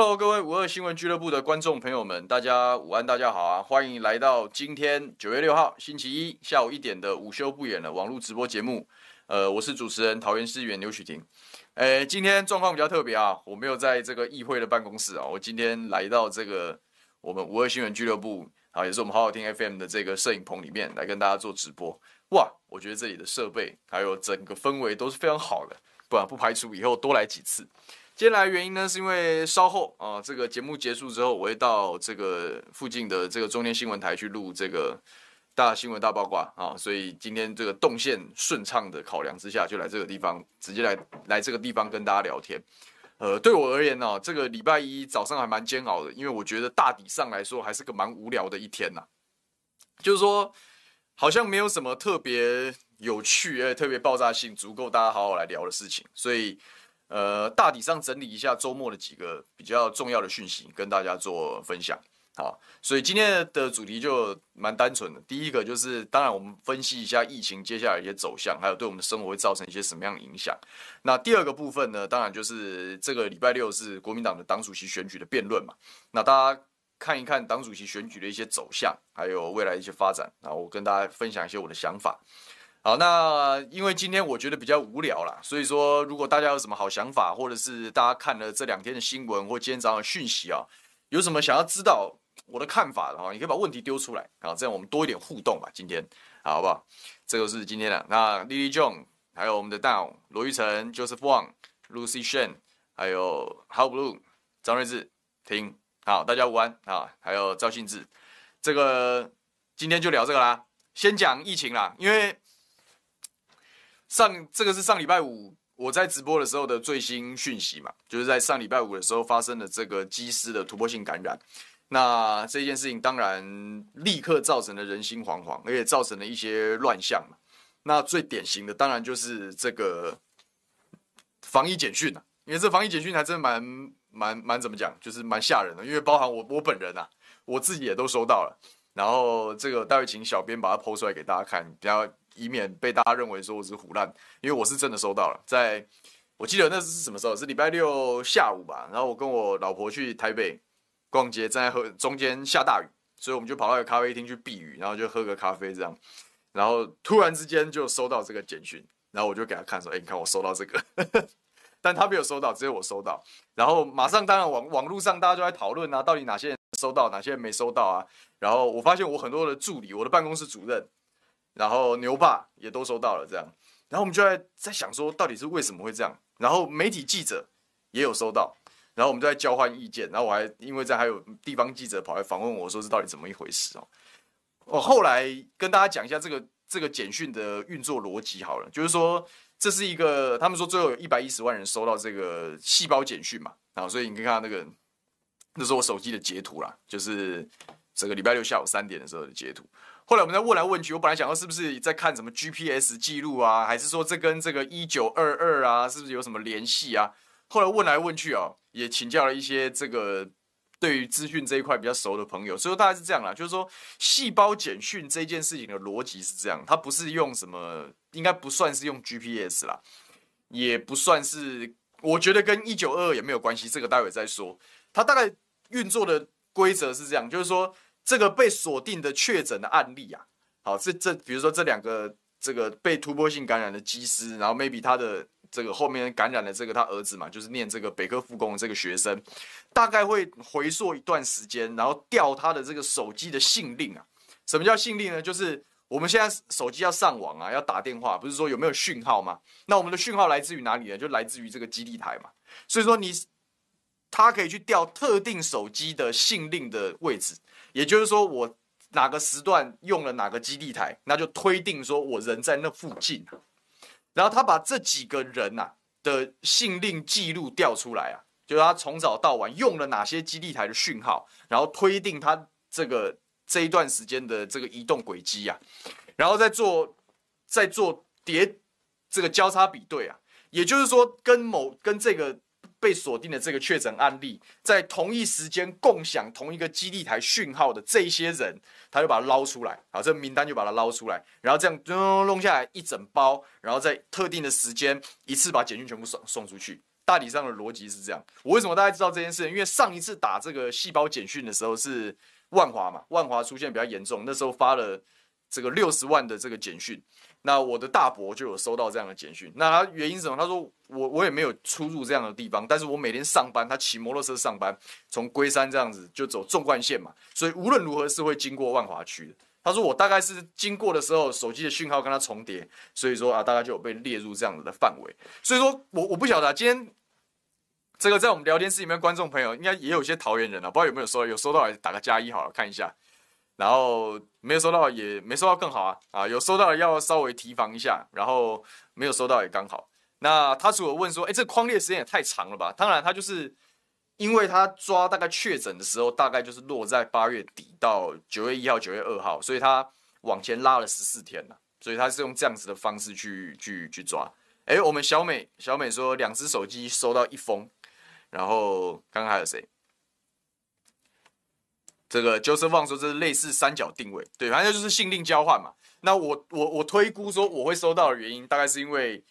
Hello，各位五二新聞俱樂部的觀眾朋友們，大家午安，大家好啊！歡迎來到今天九月六號星期一下午一點的午休不演的網絡直播節目。呃，我是主持人桃園市議員劉許婷。誒、欸，今天狀況比較特別啊，我沒有在這個議會的辦公室啊，我今天來到這個我們五二新聞俱樂部啊，也是我們好好聽 FM 的這個攝影棚裡面來跟大家做直播。哇，我覺得這裡的設備還有整個氛圍都是非常好的，不然不排除以後多來幾次。接下來原因呢，是因為稍後啊、呃，這個節目結束之後，我會到這個附近的這個中天新聞台去錄這個大新聞大八卦啊，所以今天這個動線順暢的考量之下，就來這個地方，直接來來這個地方跟大家聊天。呃，對我而言呢、喔，這個禮拜一早上還蠻煎熬的，因為我覺得大體上來說還是個蠻無聊的一天吶、啊，就是說好像沒有什麼特別有趣、而且特別爆炸性、足夠大家好好來聊的事情，所以。呃，大體上整理一下周末的幾個比較重要的訊息，跟大家做分享。好，所以今天的主題就蠻單純的，第一個就是當然我們分析一下疫情接下來的一些走向，還有對我們的生活會造成一些什麼樣的影響。那第二個部分呢，當然就是這個禮拜六是國民黨的黨主席選舉的辯論嘛。那大家看一看黨主席選舉的一些走向，還有未來的一些發展。然後我跟大家分享一些我的想法。好，那因為今天我覺得比較無聊啦，所以說如果大家有什麼好想法，或者是大家看了這兩天的新聞或今天早上的訊息啊、喔，有什麼想要知道我的看法的、喔、你可以把問題丟出來啊，這樣我們多一點互動吧。今天，好不好？這個是今天的，那 Lily John 還有我們的 Down、羅玉成，Joseph Wong，Lucy Shen，還有 How Blue，張瑞智，Ting 好，大家午安好、啊，還有趙信志，這個今天就聊這個啦，先講疫情啦，因為。上這個是上禮拜五我在直播的時候的最新訊息嘛，就是在上禮拜五的時候發生了這個機師的突破性感染，那這件事情當然立刻造成了人心惶惶，而且造成了一些亂象嘛。那最典型的當然就是這個防疫簡訊啊，因為這防疫簡訊還真的蠻蠻蠻怎麼講，就是蠻嚇人的，因為包含我我本人啊，我自己也都收到了，然後這個待會請小編把它 PO 出來給大家看，比較。以免被大家認為說我是唬爛，因為我是真的收到了。在我記得那是什麼時候，是禮拜六下午吧。然後我跟我老婆去台北逛街，正在喝中間下大雨，所以我們就跑到一個咖啡廳去避雨，然後就喝個咖啡這樣。然後突然之間就收到這個簡訊，然後我就給他看說：“哎、欸，你看我收到這個。呵呵”但他沒有收到，只有我收到。然後馬上當然網網路上大家就在討論啊，到底哪些人收到，哪些人沒收到啊。然後我發現我很多的助理，我的辦公室主任。然後牛爸也都收到了。這樣，然後我們就在在想說，到底是為什麼會這樣？然後媒體記者也有收到，然後我們就在交換意見。然後我還因為這還有地方記者跑來訪問我說這到底怎麼一回事哦、喔。我後來跟大家講一下這個這個簡訊的運作邏輯好了，就是說，這是一個他們說最後有一百一十萬人收到這個細胞簡訊嘛，然後所以你可以看到那個，那是我手機的截圖啦，就是整個禮拜六下午三點的時候的截圖。後來我們再問來問去，我本來想說是不是在看什麼 GPS 記錄啊，還是說這跟這個一九二二啊是不是有什麼聯繫啊？後來問來問去啊，也請教了一些這個對於資訊這一塊比較熟的朋友，所以說大概是這樣啦，就是說細胞簡訊這件事情的邏輯是這樣，它不是用什麼，應該不算是用 GPS 啦，也不算是，我覺得跟一九二二也沒有關係，這個待會再說。它大概運作的規則是這樣，就是說。這個被鎖定的確診的案例啊，好，這這比如說這兩個這個被突破性感染的機師，然後 maybe 他的這個後面感染了這個他兒子嘛，就是念這個北科附工的這個學生，大概會回溯一段時間，然後調他的這個手機的信令啊。什麼叫信令呢？就是我們現在手機要上網啊，要打電話，不是說有沒有訊號嗎？那我們的訊號來自於哪裡呢？就來自於這個基地台嘛。所以說你他可以去調特定手機的信令的位置。也就是說，我哪個時段用了哪個基地台，那就推定說我人在那附近，然後他把這幾個人吶、啊、的信令記錄調出來啊，就是他從早到晚用了哪些基地台的訊號，然後推定他這個這一段時間的這個移動軌跡啊，然後再做再做疊這個交叉比對啊，也就是說跟某跟這個。被鎖定的這個確診案例，在同一時間共享同一個基地台訊號的這些人，他就把它撈出來，啊，這名單就把它撈出來，然後這樣弄下來一整包，然後在特定的時間一次把簡訊全部送送出去。大體上的邏輯是這樣。我為什麼大概知道這件事呢？因為上一次打這個細胞簡訊的時候是萬華嘛，萬華出現比較嚴重，那時候發了這個六十萬的這個簡訊。那我的大伯就有收到這樣的簡訊，那他原因是什麼？他說，我我也沒有出入這樣的地方，但是我每天上班，他騎摩托車上班，從龜山這樣子就走縱貫線嘛，所以無論如何是會經過萬華區的。他說我大概是經過的時候，手機的訊號跟他重疊，所以說啊大概就有被列入這樣子的範圍。所以說我我不曉得啊，今天這個在我們聊天室裡面的觀眾朋友應該也有一些桃園人啊，不知道有沒有收到，有收到，打個加一好了看一下。然後沒有收到也沒收到更好啊，啊有收到的要稍微提防一下，然後沒有收到也剛好。那他除了問說，哎，這匡列時間也太長了吧？當然他就是因為他抓大概確診的時候，大概就是落在八月底到九月一號、九月二號，所以他往前拉了十四天了啊，所以他是用這樣子的方式去去去抓。哎，我們小美小美說兩隻手機收到一封，然後剛剛還有誰？這個就是放 e 說，這是類似三角定位，對，反正就是信令交換嘛。那我我我推估說，我會收到的原因，大概是因為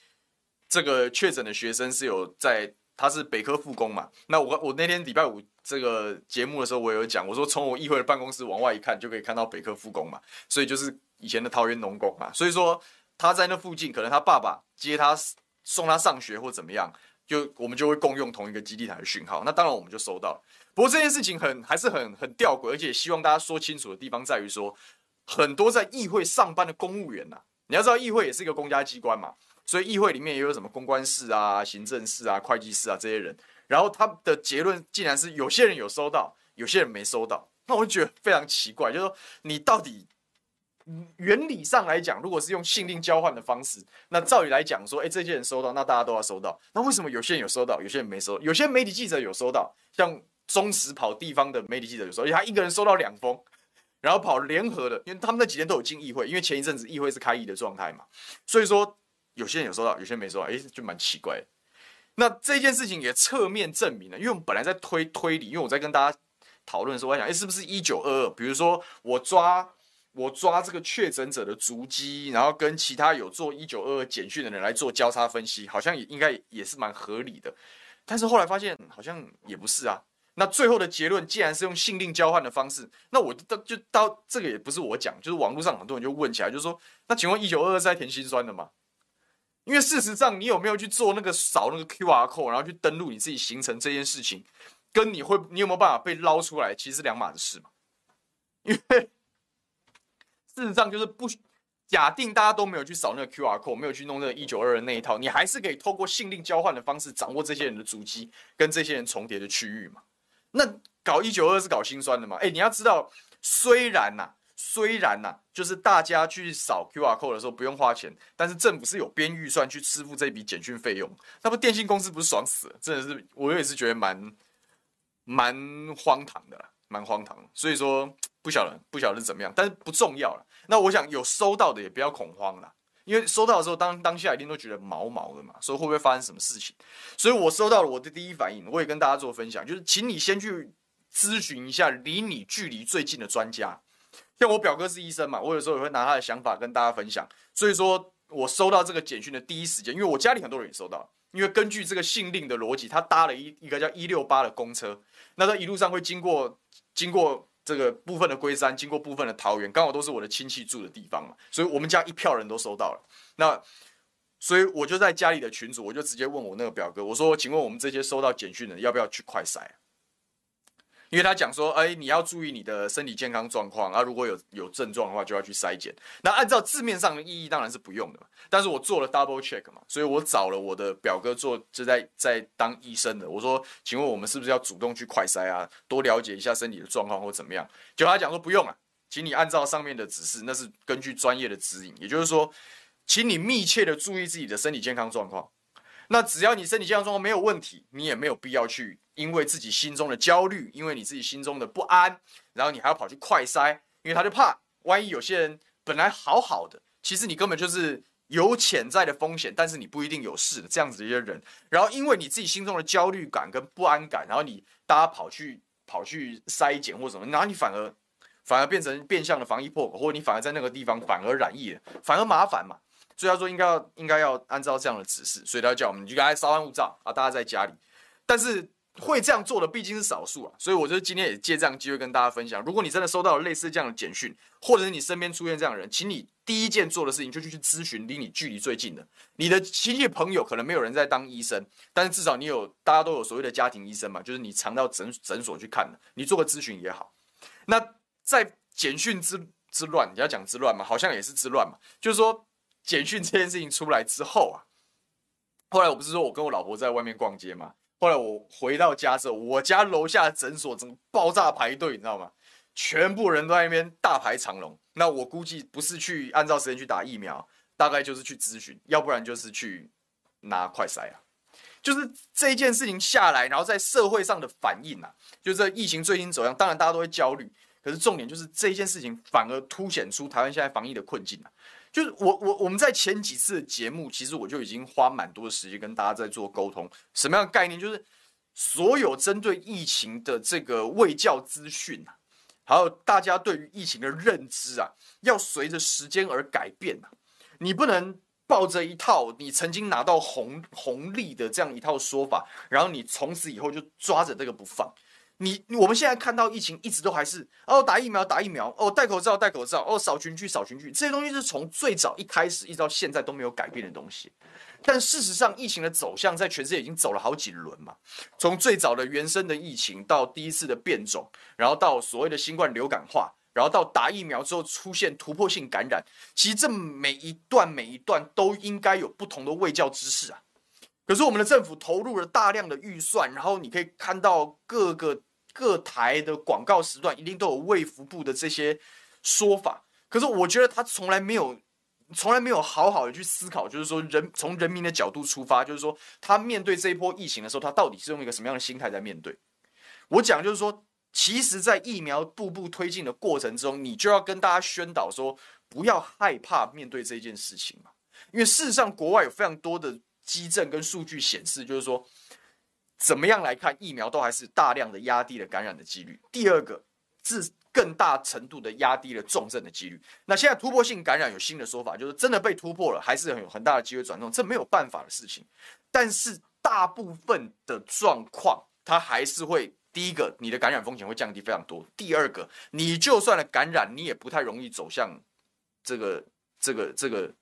這個確診的學生是有在，他是北科復工嘛。那我我那天禮拜五這個節目的時候，我也有講，我說，從我議會的辦公室往外一看，就可以看到北科復工嘛，所以就是以前的桃園農工嘛。所以說他在那附近，可能他爸爸接他送他上學或怎麼樣，就我們就會共用同一個基地台的訊號，那當然我們就收到。不過這件事情很還是很很吊詭，而且也希望大家說清楚的地方在於說，很多在議會上班的公務員吶、啊，你要知道議會也是一個公家機關嘛，所以議會裡面也有什麼公關室啊、行政室啊、會計室啊這些人，然後他的結論竟然是有些人有收到，有些人沒收到，那我就覺得非常奇怪，就是、說你到底，原理上來講，如果是用信令交換的方式，那照理來講說，哎、欸、這些人收到，那大家都要收到，那為什麼有些人有收到，有些人沒收？有些媒體記者有收到，像中時跑地方的媒體記者有收，有時候他一個人收到兩封，然後跑聯合的，因為他們那幾天都有進議會，因為前一陣子議會是開議的狀態嘛，所以說有些人有收到，有些人沒收到，哎、欸，就蠻奇怪。那這件事情也側面證明了，因為我們本來在推推理，因為我在跟大家討論的時候，我想，哎、欸，是不是一九二二？比如說我抓我抓這個確診者的足跡，然後跟其他有做一九二二簡訊的人來做交叉分析，好像也應該也是蠻合理的。但是後來發現好像也不是啊。那最後的結論，既然是用信令交換的方式，那我就到就到這個也不是我講，就是網絡上很多人就問起來，就是說，那請問一九二二在填心酸的嗎？因為事實上，你有沒有去做那個掃那個 Q R code，然後去登錄你自己行程這件事情，跟你會你有沒有辦法被撈出來，其實是兩碼的事嘛。因為呵呵事實上就是不假定大家都沒有去掃那個 Q R code，沒有去弄那個一九二二的那一套，你還是可以透過信令交換的方式掌握這些人的足跡，跟這些人重疊的區域嘛。那搞一九二二是搞心酸的嘛？哎、欸，你要知道，雖然吶、啊，雖然吶、啊，就是大家去掃 QR code 的時候不用花錢，但是政府是有編預算去支付這筆簡訊費用，那不電信公司不是爽死了？真的是，我也是覺得蠻蠻荒唐的，蠻荒唐。所以說不曉得不曉得是怎麼樣，但是不重要了。那我想有收到的也不要恐慌了。因為收到的時候，當當下一定都覺得毛毛的嘛，所以會不會發生什麼事情？所以我收到了，我的第一反應，我也跟大家做分享，就是請你先去諮詢一下離你距離最近的專家。像我表哥是醫生嘛，我有時候也會拿他的想法跟大家分享。所以說我收到這個簡訊的第一時間，因為我家裡很多人也收到，因為根據這個信令的邏輯，他搭了一一個叫一六八的公車，那他一路上會經過經過。這個部分的龜山，經過部分的桃園，剛好都是我的親戚住的地方嘛，所以我們家一票人都收到了。那，所以我就在家裡的群組，我就直接問我那個表哥，我說：“請問我們這些收到簡訊的人，要不要去快篩啊？”因為他講說，哎、欸，你要注意你的身體健康狀況啊，如果有有症狀的話，就要去篩檢。那按照字面上的意義，當然是不用的嘛。但是我做了 double check 嘛，所以我找了我的表哥做，就在在當醫生的，我說，請問我們是不是要主動去快篩啊？多了解一下身體的狀況或怎麼樣？就他講說不用啊，請你按照上面的指示，那是根據專業的指引，也就是說，請你密切的注意自己的身體健康狀況。那只要你身體健康狀況沒有問題，你也沒有必要去因為自己心中的焦慮，因為你自己心中的不安，然後你還要跑去快篩，因為他就怕萬一有些人本來好好的，其實你根本就是有潛在的風險，但是你不一定有事的這樣子的一些人，然後因為你自己心中的焦慮感跟不安感，然後你大家跑去跑去篩檢或什麼，然後你反而反而變成變相的防疫破口，或者你反而在那個地方反而染疫了，反而麻煩嘛。所以他說應該要應該要按照這樣的指示，所以他叫我們應該稍安勿躁啊，大家在家裡。但是會這樣做的畢竟是少數啊，所以我覺得今天也借這樣機會跟大家分享，如果你真的收到了類似這樣的簡訊，或者是你身邊出現這樣的人，請你第一件做的事情就去去諮詢離你距離最近的你的親戚朋友，可能沒有人在當醫生，但是至少你有大家都有所謂的家庭醫生嘛，就是你常到診診所去看的，你做個諮詢也好。那在簡訊之之亂，你要講之亂嘛，好像也是之亂嘛，就是說。簡訊這件事情出來之後啊，後來我不是說我跟我老婆在外面逛街嘛，後來我回到家之後，我家樓下診所整個爆炸排隊，你知道嗎？全部人都在那邊大排長龍。那我估計不是去按照時間去打疫苗，大概就是去諮詢，要不然就是去拿快篩啊。就是這一件事情下來，然後在社會上的反應啊，就這疫情最新走向，當然大家都會焦慮，可是重點就是這一件事情反而凸顯出台灣現在防疫的困境啊。就是我我我們在前幾次的節目，其實我就已經花蠻多的時間跟大家在做溝通，什麼樣的概念？就是所有針對疫情的這個衛教資訊啊，還有大家對於疫情的認知啊，要隨着時間而改變啊。你不能抱着一套你曾經拿到紅紅利的這樣一套說法，然後你從此以後就抓着這個不放。你我們現在看到疫情一直都還是哦，打疫苗打疫苗，哦，戴口罩戴口罩，哦，掃群聚掃群聚，這些東西是從最早一開始一直到現在都沒有改變的東西，但事實上疫情的走向在全世界已經走了好幾輪嘛，從最早的原生的疫情到第一次的變種，然後到所謂的新冠流感化，然後到打疫苗之後出現突破性感染，其實這每一段每一段都應該有不同的衛教知識啊，可是我們的政府投入了大量的預算，然後你可以看到各個。各台的廣告時段一定都有衛福部的這些說法，可是我覺得他從來沒有，從來沒有好好的去思考，就是說人從人民的角度出發，就是說他面對這一波疫情的時候，他到底是用一個什麼樣的心態在面對？我講就是說，其實，在疫苗步步推進的過程中，你就要跟大家宣導說，不要害怕面對這件事情嘛，因為事實上國外有非常多的基證跟數據顯示，就是說。怎麼樣來看，疫苗都還是大量的壓低了感染的幾率。第二個，是更大程度的壓低了重症的幾率。那現在突破性感染有新的說法，就是真的被突破了，還是很有很大的機會轉重，這沒有辦法的事情。但是大部分的狀況，它還是會：第一個，你的感染風險會降低非常多；第二個，你就算了感染，你也不太容易走向這個、這個、這個、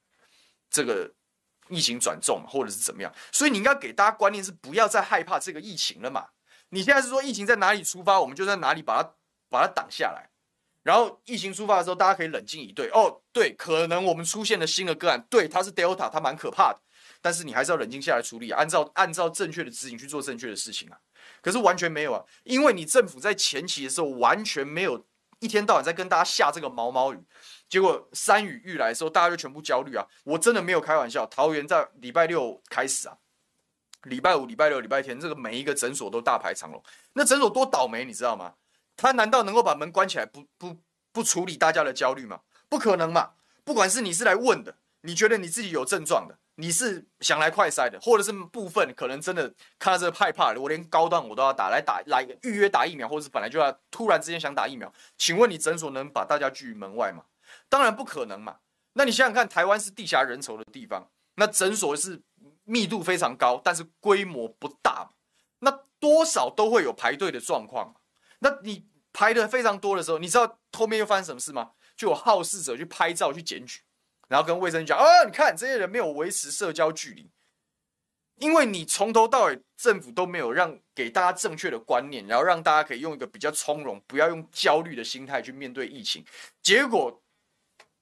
這個。疫情轉重，或者是怎麼樣？所以你應該給大家觀念是，不要再害怕這個疫情了嘛。你現在是說疫情在哪裡出發，我們就在哪裡把它把它擋下來。然後疫情出發的時候，大家可以冷靜以對。哦，對，可能我們出現了新的個案，對，它是 Delta，它蠻可怕的。但是你還是要冷靜下來處理，按照按照正確的指引去做正確的事情啊。可是完全沒有啊，因為你政府在前期的時候完全沒有一天到晚在跟大家下這個毛毛雨。結果山雨欲來的時候，大家就全部焦慮啊！我真的沒有開玩笑，桃園在禮拜六開始啊，禮拜五、禮拜六、禮拜天，這個每一個診所都大排長龍。那診所多倒霉，你知道嗎？他難道能夠把門關起來，不不不處理大家的焦慮嗎？不可能嘛！不管是你是來問的，你覺得你自己有症狀的，你是想來快篩的，或者是部分可能真的看到這個害怕，我連高端我都要打，來打來預約打疫苗，或者是本來就要突然之間想打疫苗，請問你診所能把大家拒於門外嗎？當然不可能嘛！那你想想看，台灣是地狹人稠的地方，那診所是密度非常高，但是規模不大，那多少都會有排隊的狀況。那你排的非常多的時候，你知道後面又發生什麼事嗎？就有好事者去拍照去檢舉，然後跟衛生局講：‘哦、啊，你看這些人沒有維持社交距離，因為你從頭到尾政府都沒有讓給大家正確的觀念，然後讓大家可以用一個比較從容、不要用焦慮的心態去面對疫情，結果。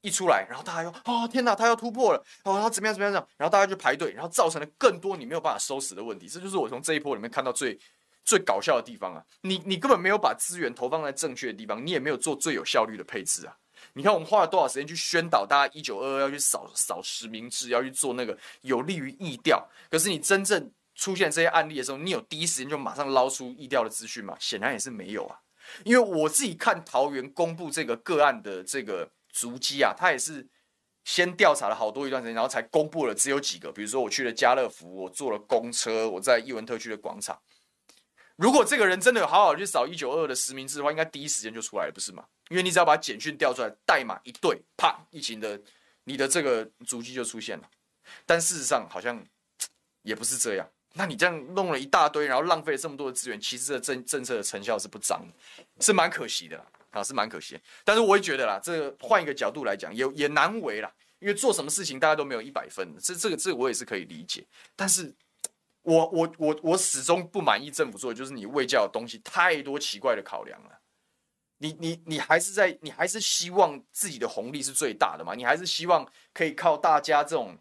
一出來，然後大家又啊、哦、天哪，他要突破了哦！他怎麼樣怎麼樣怎麼樣，然後大家就排隊，然後造成了更多你沒有辦法收拾的問題。這就是我從這一波裡面看到最最搞笑的地方啊！你你根本沒有把資源投放在正確的地方，你也沒有做最有效率的配置啊！你看我們花了多少時間去宣導大家一九二二要去掃掃實名制，要去做那個有利於疫調。可是你真正出現這些案例的時候，你有第一時間就馬上撈出疫調的資訊嗎？顯然也是沒有啊！因為我自己看桃園公布這個個案的這個。足跡啊，他也是先調查了好多一段時間，然後才公布了只有幾個，比如說我去了家樂福，我坐了公車，我在藝文特區的廣場。如果這個人真的有好好去掃1922的實名制的話，應該第一時間就出來了，不是嗎？因為你只要把簡訊調出來，代碼一對，啪，一行的，你的這個足跡就出現了。但事實上好像也不是這樣。那你這樣弄了一大堆，然後浪費了這麼多的資源，其實這政政策的成效是不彰的，是蠻可惜的啦。啊，是蠻可惜，但是我也覺得啦，這換一個角度來講，也也難為啦，因為做什麼事情大家都沒有一百分，這這個這我也是可以理解。但是我，我我我我始終不滿意政府做的，就是你未教的東西太多奇怪的考量了。你你你還是在你還是希望自己的紅利是最大的嘛？你還是希望可以靠大家這種。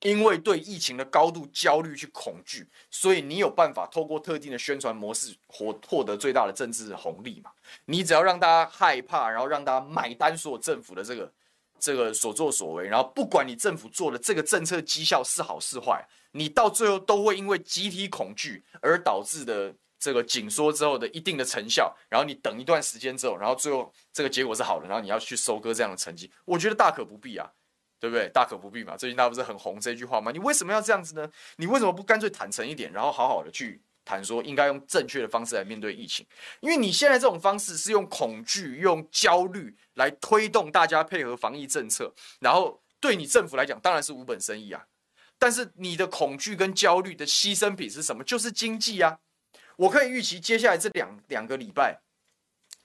因為對疫情的高度焦慮去恐懼，所以你有辦法透過特定的宣傳模式獲獲得最大的政治紅利嘛？你只要讓大家害怕，然後讓大家買單所有政府的這個這個所作所為，然後不管你政府做的這個政策績效是好是壞，你到最後都會因為集體恐懼而導致的這個緊縮之後的一定的成效，然後你等一段時間之後，然後最後這個結果是好的，然後你要去收割這樣的成績，我覺得大可不必啊。對不對？大可不必嘛！最近他不是很紅這句話嗎？你為什麼要這樣子呢？你為什麼不乾脆坦誠一點，然後好好的去談說應該用正確的方式來面對疫情？因為你現在這種方式是用恐懼、用焦慮來推動大家配合防疫政策，然後對你政府來講當然是無本生意啊。但是你的恐懼跟焦慮的犧牲品是什麼？就是經濟啊！我可以預期接下來這兩兩個禮拜，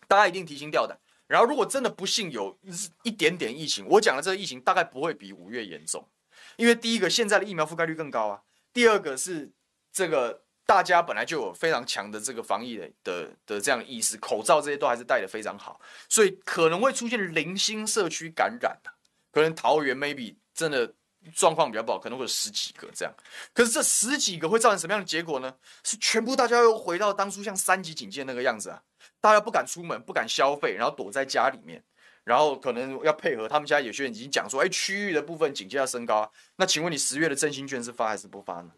大家一定提心吊膽。然後，如果真的不幸有一點點疫情，我講的這個疫情大概不會比五月嚴重，因為第一個現在的疫苗覆蓋率更高啊，第二個是這個大家本來就有非常強的這個防疫的的的這樣的意識，口罩這些都還是戴得非常好，所以可能會出現零星社區感染，啊、可能桃園 maybe 真的狀況比較不好，可能會有十幾個這樣，可是這十幾個會造成什麼樣的結果呢？是全部大家又回到當初像三級警戒那個樣子啊？大家不敢出門，不敢消費，然後躲在家裡面，然後可能要配合他們，家有些人已經講說，哎、欸，區域的部分警戒要升高、啊。那請問你十月的振興券是發還是不發呢？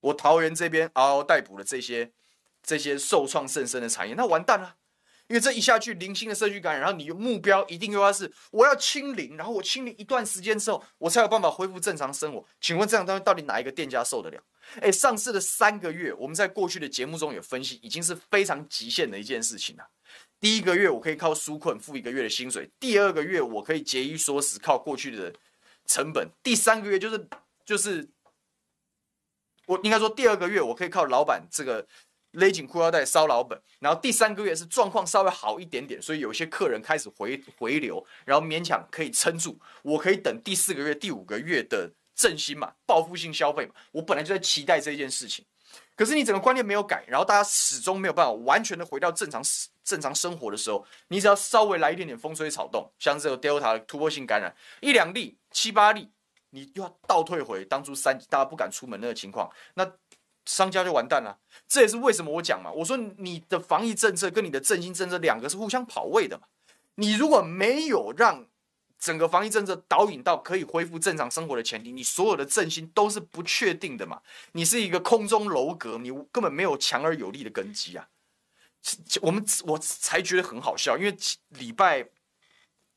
我桃園這邊嗷嗷待哺的這些、這些受創甚深的產業，那完蛋了。因為這一下去，零星的社區感染，然後你的目標一定又要是我要清零，然後我清零一段時間之後，我才有辦法恢復正常生活。請問這樣兩單到底哪一個店家受得了？誒，上市的三個月，我們在過去的節目中有分析，已經是非常極限的一件事情了。第一個月我可以靠紓困付一個月的薪水，第二個月我可以節衣縮食靠過去的成本，第三個月就是，就是我應該說，第二個月我可以靠老闆這個。勒緊褲腰帶燒老本，然後第三個月是狀況稍微好一點點，所以有些客人開始回回流，然後勉強可以撐住。我可以等第四個月、第五個月的振興嘛，報復性消費嘛，我本來就在期待這件事情。可是你整個觀念沒有改，然後大家始終沒有辦法完全的回到正常正常生活的時候，你只要稍微來一點點風吹草動，像這個 Delta 的突破性感染一兩例、七八例，你又要倒退回當初三級大家不敢出門那個情況，那。商家就完蛋了，這也是為什麼我講嘛，我說你的防疫政策跟你的振興政策兩個是互相跑位的嘛，你如果沒有讓整個防疫政策導引到可以恢復正常生活的前提，你所有的振興都是不確定的嘛，你是一個空中樓閣，你根本沒有強而有力的根基啊。我們我才覺得很好笑，因為禮拜。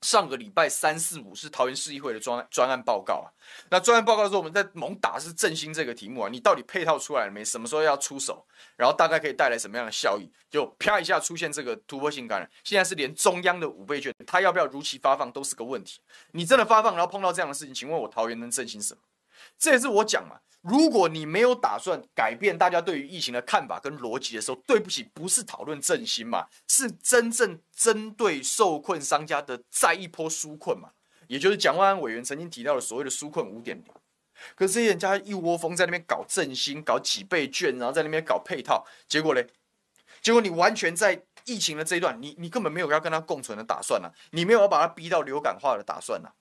上個禮拜三四五是桃園市議會的專專案報告啊，那專案報告說我們在猛打是振興這個題目啊，你到底配套出來了沒？什麼時候要出手？然後大概可以帶來什麼樣的效益？就啪一下出現這個突破性感染，現在是連中央的五倍券，它要不要如期發放都是個問題。你真的發放，然後碰到這樣的事情，請問我桃園能振興什麼？這也是我講嘛。如果你沒有打算改變大家對於疫情的看法跟邏輯的時候，對不起，不是討論振興嘛，是真正針對受困商家的再一波紓困嘛，也就是蔣萬安委員曾經提到的所謂的紓困五點零。可是人家一窩蜂在那邊搞振興，搞幾倍券，然後在那邊搞配套，結果咧？結果你完全在疫情的這一段，你你根本沒有要跟他共存的打算啊，你沒有要把他逼到流感化的打算啊。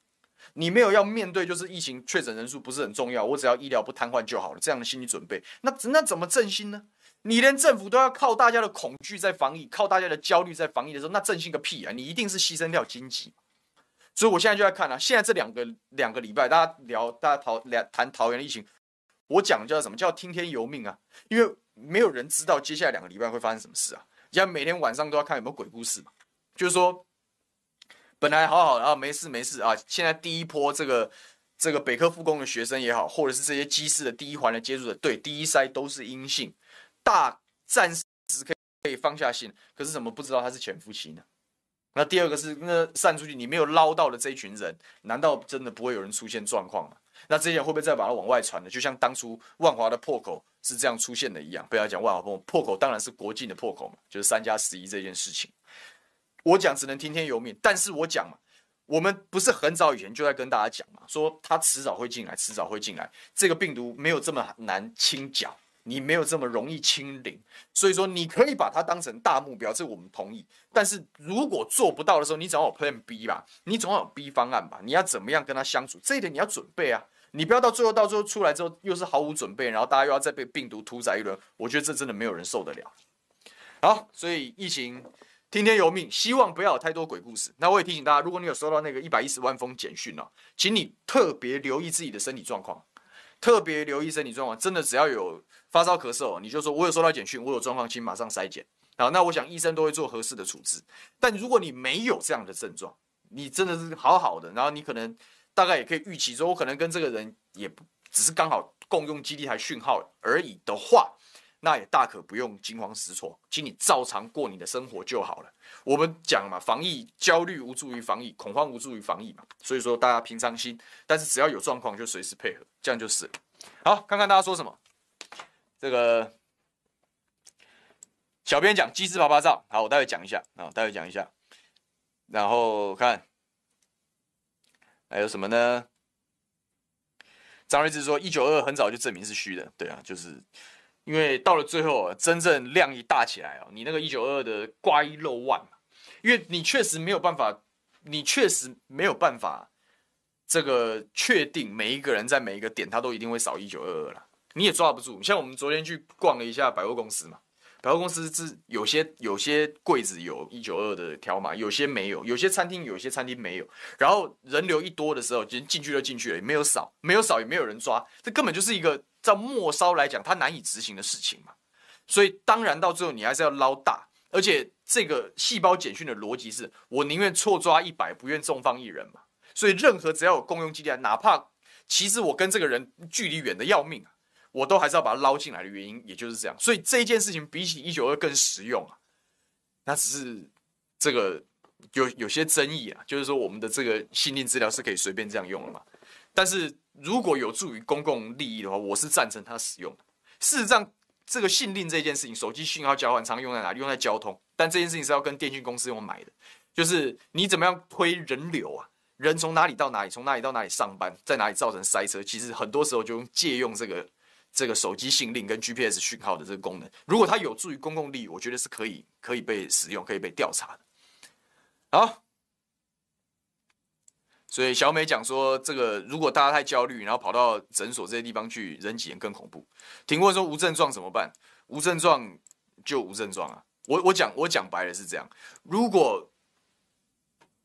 你沒有要面對，就是疫情確診人數不是很重要，我只要醫療不癱瘓就好了。這樣的心理準備，那那怎麼振興呢？你連政府都要靠大家的恐懼在防疫，靠大家的焦慮在防疫的時候，那振興個屁啊！你一定是犧牲掉經濟。所以，我現在就在看啊，現在這兩個兩個禮拜，大家聊，大家討兩談桃園的疫情，我講叫什麼叫聽天由命啊，因為沒有人知道接下來兩個禮拜會發生什麼事啊。人家每天晚上都要看有沒有鬼故事嘛，就是說。本來好好的啊，沒事沒事啊。現在第一波這個這個北科復工的學生也好，或者是這些機師的第一環的接觸者，對，第一篩都是陰性，大暫時可以可以放下心。可是怎麼不知道他是潛伏期呢？那第二個是那散出去你沒有撈到的這一群人，難道真的不會有人出現狀況嗎？那這些人會不會再把它往外傳呢？就像當初萬華的破口是這樣出現的一樣。不要講萬華破破口，當然是國境的破口嘛，就是三加十一這件事情。我講只能聽天由命，但是我講嘛，我們不是很早以前就在跟大家講嘛，說他遲早會進來，遲早會進來。這個病毒沒有這麼難清剿，你沒有這麼容易清零，所以說你可以把它當成大目標，這我們同意。但是如果做不到的時候，你總要有 Plan B 吧，你總要有 B 方案吧，你要怎麼樣跟他相處，這一點你要準備啊，你不要到最後到最後出來之後又是毫無準備，然後大家又要再被病毒屠宰一輪，我覺得這真的沒有人受得了。好，所以疫情。聽天由命，希望不要有太多鬼故事。那我也提醒大家，如果你有收到那個一百一十萬封簡訊哦，請你特別留意自己的身體狀況，特別留意身體狀況。真的，只要有發燒、咳嗽、哦，你就說“我有收到簡訊，我有狀況，請馬上篩檢”。好，那我想醫生都會做合適的處置。但如果你沒有這樣的症狀，你真的是好好的，然後你可能大概也可以預期說，我可能跟這個人也只是剛好共用基地台訊號而已的話。那也大可不用驚慌失措，請你照常過你的生活就好了。我們講嘛，防疫焦慮無助於防疫，恐慌無助於防疫嘛，所以說大家平常心。但是只要有狀況，就隨時配合，這樣就是了。好，看看大家說什麼。這個小編講雞翅粑粑照，好，我待會講一下啊，待會講一下。然後看還有什麼呢？張瑞智說，一九二二很早就證明是虛的，對啊，就是。因為到了最後、啊、真正量一大起來哦、啊，你那個一九二二的掛一漏萬嘛，因為你確實沒有辦法，你確實沒有辦法，這個確定每一個人在每一個點他都一定會掃一九二二了，你也抓不住。像我們昨天去逛了一下百貨公司嘛，百貨公司是有些有些櫃子有一九二二的條碼，有些沒有，有些餐廳有些餐廳沒有。然後人流一多的時候，進去就進去了，沒有掃，沒有掃，也沒有人抓，這根本就是一個。照末梢來講，它難以執行的事情嘛，所以當然到最後你還是要撈大，而且這個細胞簡訊的邏輯是，我寧願錯抓一百，不願縱放一人嘛。所以任何只要有共用基地，哪怕其實我跟這個人距離遠的要命啊，我都還是要把它撈進來的原因，也就是這樣。所以這件事情比起一九二更實用啊，那只是這個有有些爭議啊，就是說我們的這個信令資料是可以隨便這樣用的嘛，但是。如果有助於公共利益的話，我是贊成他使用的。事實上，這個信令這件事情，手機信號交換常常用在哪裡？用在交通。但這件事情是要跟電信公司用買的，就是你怎麼樣推人流啊？人從哪裡到哪裡？從哪裡到哪裡上班？在哪裡造成塞車？其實很多時候就借用這個這個手機信令跟 GPS 訊號的這個功能。如果它有助於公共利益，我覺得是可以可以被使用，可以被調查的。好。所以小美講說，這個如果大家太焦慮，然後跑到診所這些地方去，人擠人更恐怖。聽過說無症狀怎麼辦？無症狀就無症狀啊。我我講我講白了是這樣，如果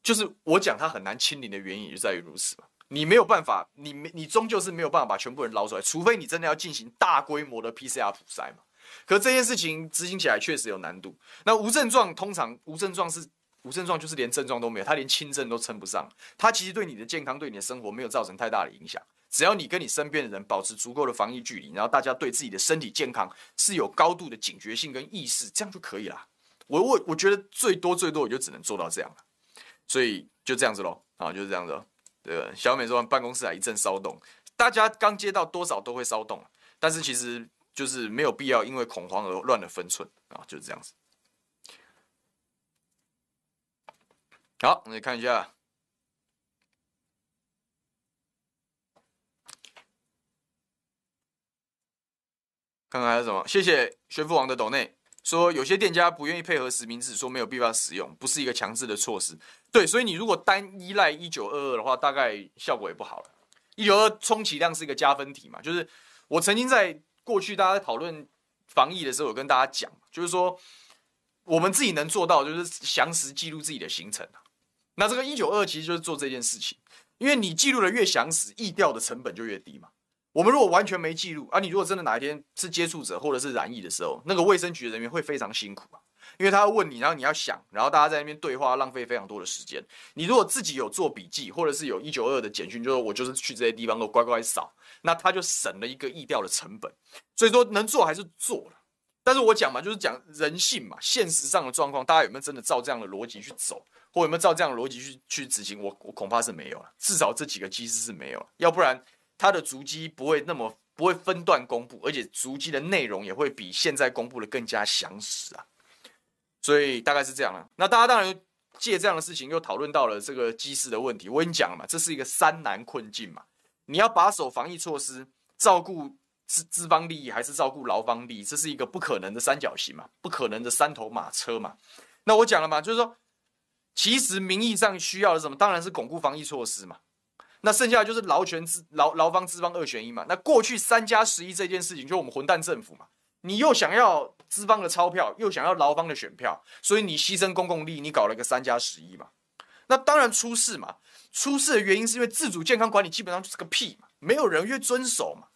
就是我講它很難清零的原因是在於如此，你沒有辦法，你你終究是沒有辦法把全部人撈出來，除非你真的要進行大規模的 PCR 普篩嘛。可這件事情執行起來確實有難度。那無症狀通常無症狀是。無症狀就是連症狀都沒有，他連輕症都稱不上，他其實對你的健康、對你的生活沒有造成太大的影響。只要你跟你身邊的人保持足夠的防疫距離，然後大家對自己的身體健康是有高度的警覺性跟意識，這樣就可以啦。我我我覺得最多最多我就只能做到這樣了，所以就這樣子咯。啊，就是這樣子。對，小美說完，辦公室來一陣騷動，大家剛接到多少都會騷動，但是其實就是沒有必要因為恐慌而亂了分寸啊，就是這樣子。好，我們來看一下，看看還有什麼？謝謝炫富王的抖內說，有些店家不願意配合實名制，說沒有必要使用，不是一個強制的措施。對，所以你如果單依賴一九二二的話，大概效果也不好了。一九二二充其量是一個加分題嘛，就是我曾經在過去大家討論防疫的時候，有跟大家講，就是說我們自己能做到，就是詳實記錄自己的行程。那這個一九二二其實就是做這件事情，因為你記錄的越詳實，疫調的成本就越低嘛。我們如果完全沒記錄，啊，你如果真的哪一天是接觸者或者是染疫的時候，那個衛生局的人員會非常辛苦啊，因為他要問你，然後你要想，然後大家在那邊對話，浪費非常多的時間。你如果自己有做筆記，或者是有一九二二的簡訊，就是說我就是去這些地方都乖乖掃，那他就省了一個疫調的成本。所以說，能做還是做了。但是我講嘛，就是講人性嘛，現實上的狀況，大家有沒有真的照這樣的邏輯去走，或有沒有照這樣的邏輯去去執行？我我恐怕是沒有了，至少這幾個機制是沒有了，要不然它的足跡不會那麼不會分段公布，而且足跡的內容也會比現在公布的更加詳實啊。所以大概是這樣了。那大家當然借這樣的事情又討論到了這個機制的問題。我跟你講嘛，這是一個三難困境嘛，你要把守防疫措施，照顧，是資方利益還是照顧勞方利益？這是一個不可能的三角形嘛，不可能的三頭馬車嘛。那我講了嘛，就是說，其實名義上需要的是什麼，當然是鞏固防疫措施嘛。那剩下的就是勞權資勞勞方資方二選一嘛。那過去三加十一這件事情，就我們混蛋政府嘛，你又想要資方的鈔票，又想要勞方的選票，所以你犧牲公共利益，你搞了個三加十一嘛。那當然出事嘛。出事的原因是因為自主健康管理基本上就是個屁嘛，沒有人願意遵守嘛。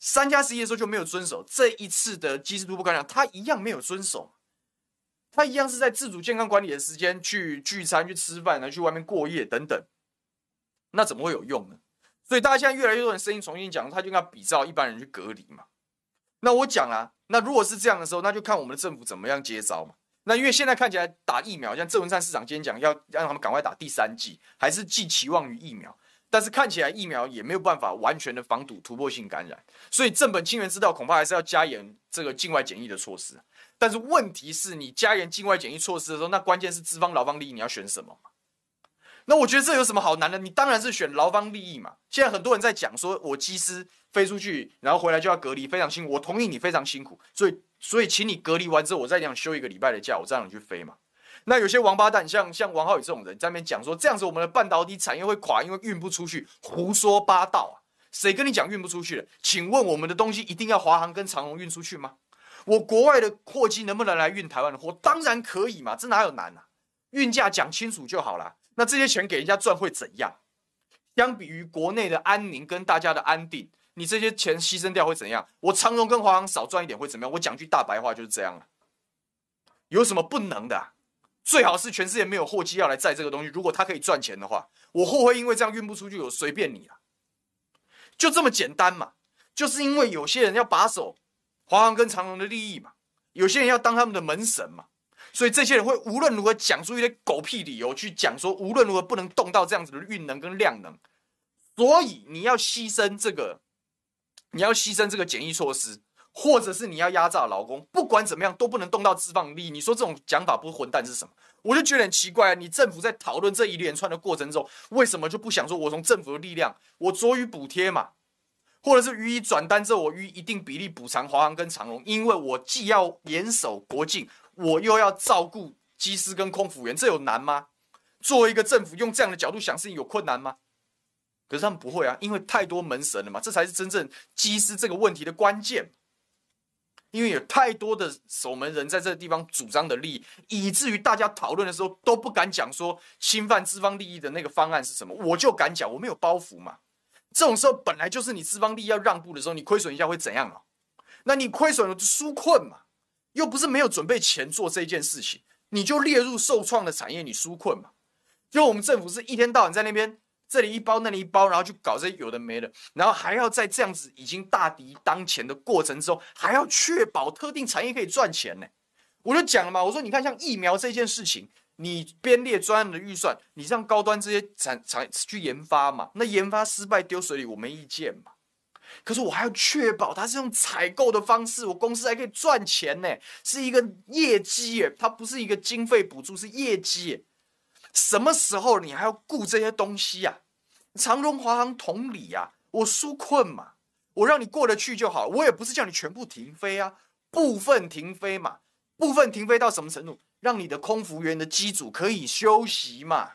三加十一的時候就沒有遵守，這一次的機師突破感染，他一樣沒有遵守，他一樣是在自主健康管理的時間去聚餐、去吃飯、去外面過夜等等，那怎麼會有用呢？所以大家現在越來越多人聲音重新講，他就應該比照一般人去隔離嘛。那我講啊，那如果是這樣的時候，那就看我們的政府怎麼樣接招嘛。那因為現在看起來打疫苗，像鄭文燦市長今天講要讓他們趕快打第三劑，還是寄期望於疫苗。但是看起來疫苗也沒有辦法完全的防堵突破性感染，所以正本清源之道恐怕還是要加嚴這個境外檢疫的措施。但是問題是，你加嚴境外檢疫措施的時候，那關鍵是資方勞方利益你要選什麼？那我覺得這有什麼好難的？你當然是選勞方利益嘛。現在很多人在講說，我機師飛出去，然後回來就要隔離，非常辛苦。我同意你非常辛苦，所以所以請你隔離完之後，我再講休一個禮拜的假，我再讓你去飛嘛。那有些王八蛋像，像像王浩宇這種人在那邊講說，這樣子我們的半導體產業會垮，因為運不出去，胡說八道啊！誰跟你講運不出去的？請問我們的東西一定要華航跟長榮運出去嗎？我國外的貨機能不能來運台灣的貨？當然可以嘛，這哪有難啊？運價講清楚就好啦。那這些錢給人家賺會怎樣？相比於國內的安寧跟大家的安定，你這些錢犧牲掉會怎樣？我長榮跟華航少賺一點會怎麼樣？我講句大白話就是這樣了啊，有什麼不能的啊？最好是全世界沒有貨機要來載這個東西。如果他可以賺錢的話，我會不會因為這樣運不出去？我隨便你了，啊，就這麼簡單嘛。就是因為有些人要把守華航跟長榮的利益嘛，有些人要當他們的門神嘛，所以這些人會無論如何講出一些狗屁理由去講說，無論如何不能動到這樣子的運能跟量能，所以你要犧牲這個，你要犧牲這個檢疫措施。或者是你要壓榨勞工，不管怎麼樣都不能動到資方的利益。你說這種講法不是混蛋是什麼？我就覺得很奇怪啊。你政府在討論這一連串的過程中，為什麼就不想說我從政府的力量，我酌予補貼嘛，或者是予以轉單之後，我予以一定比例補償華航跟長榮？因為我既要嚴守國境，我又要照顧機師跟空服員，這有難嗎？作為一個政府用這樣的角度想事情，有困難嗎？可是他們不會啊，因為太多門神了嘛。這才是真正機師這個問題的關鍵。因為有太多的守門人在這個地方主張的利益，以至於大家討論的時候都不敢講說侵犯資方利益的那個方案是什麼？我就敢講，我沒有包袱嘛。這種時候本來就是你資方利益要讓步的時候，你虧損一下會怎樣啊？那你虧損了就紓困嘛，又不是沒有準備錢做這件事情，你就列入受創的產業，你紓困嘛。因為我們政府是一天到晚在那邊。這裡一包那裡一包，然後就搞這些有的沒的，然後還要在這樣子已經大敵當前的過程中，還要確保特定產業可以賺錢呢？我就講了嘛，我說你看像疫苗這件事情，你編列專案的預算，你讓高端這些產廠去研發嘛，那研發失敗丟水裡我沒意見嘛。可是我還要確保它是用採購的方式，我公司還可以賺錢呢，是一個業績，它不是一個經費補助，是業績。什麼時候你還要顧這些東西啊？長榮華航同理啊，我紓困嘛，我讓你過得去就好，我也不是叫你全部停飛啊，部分停飛嘛，部分停飛到什麼程度，讓你的空服員的機組可以休息嘛。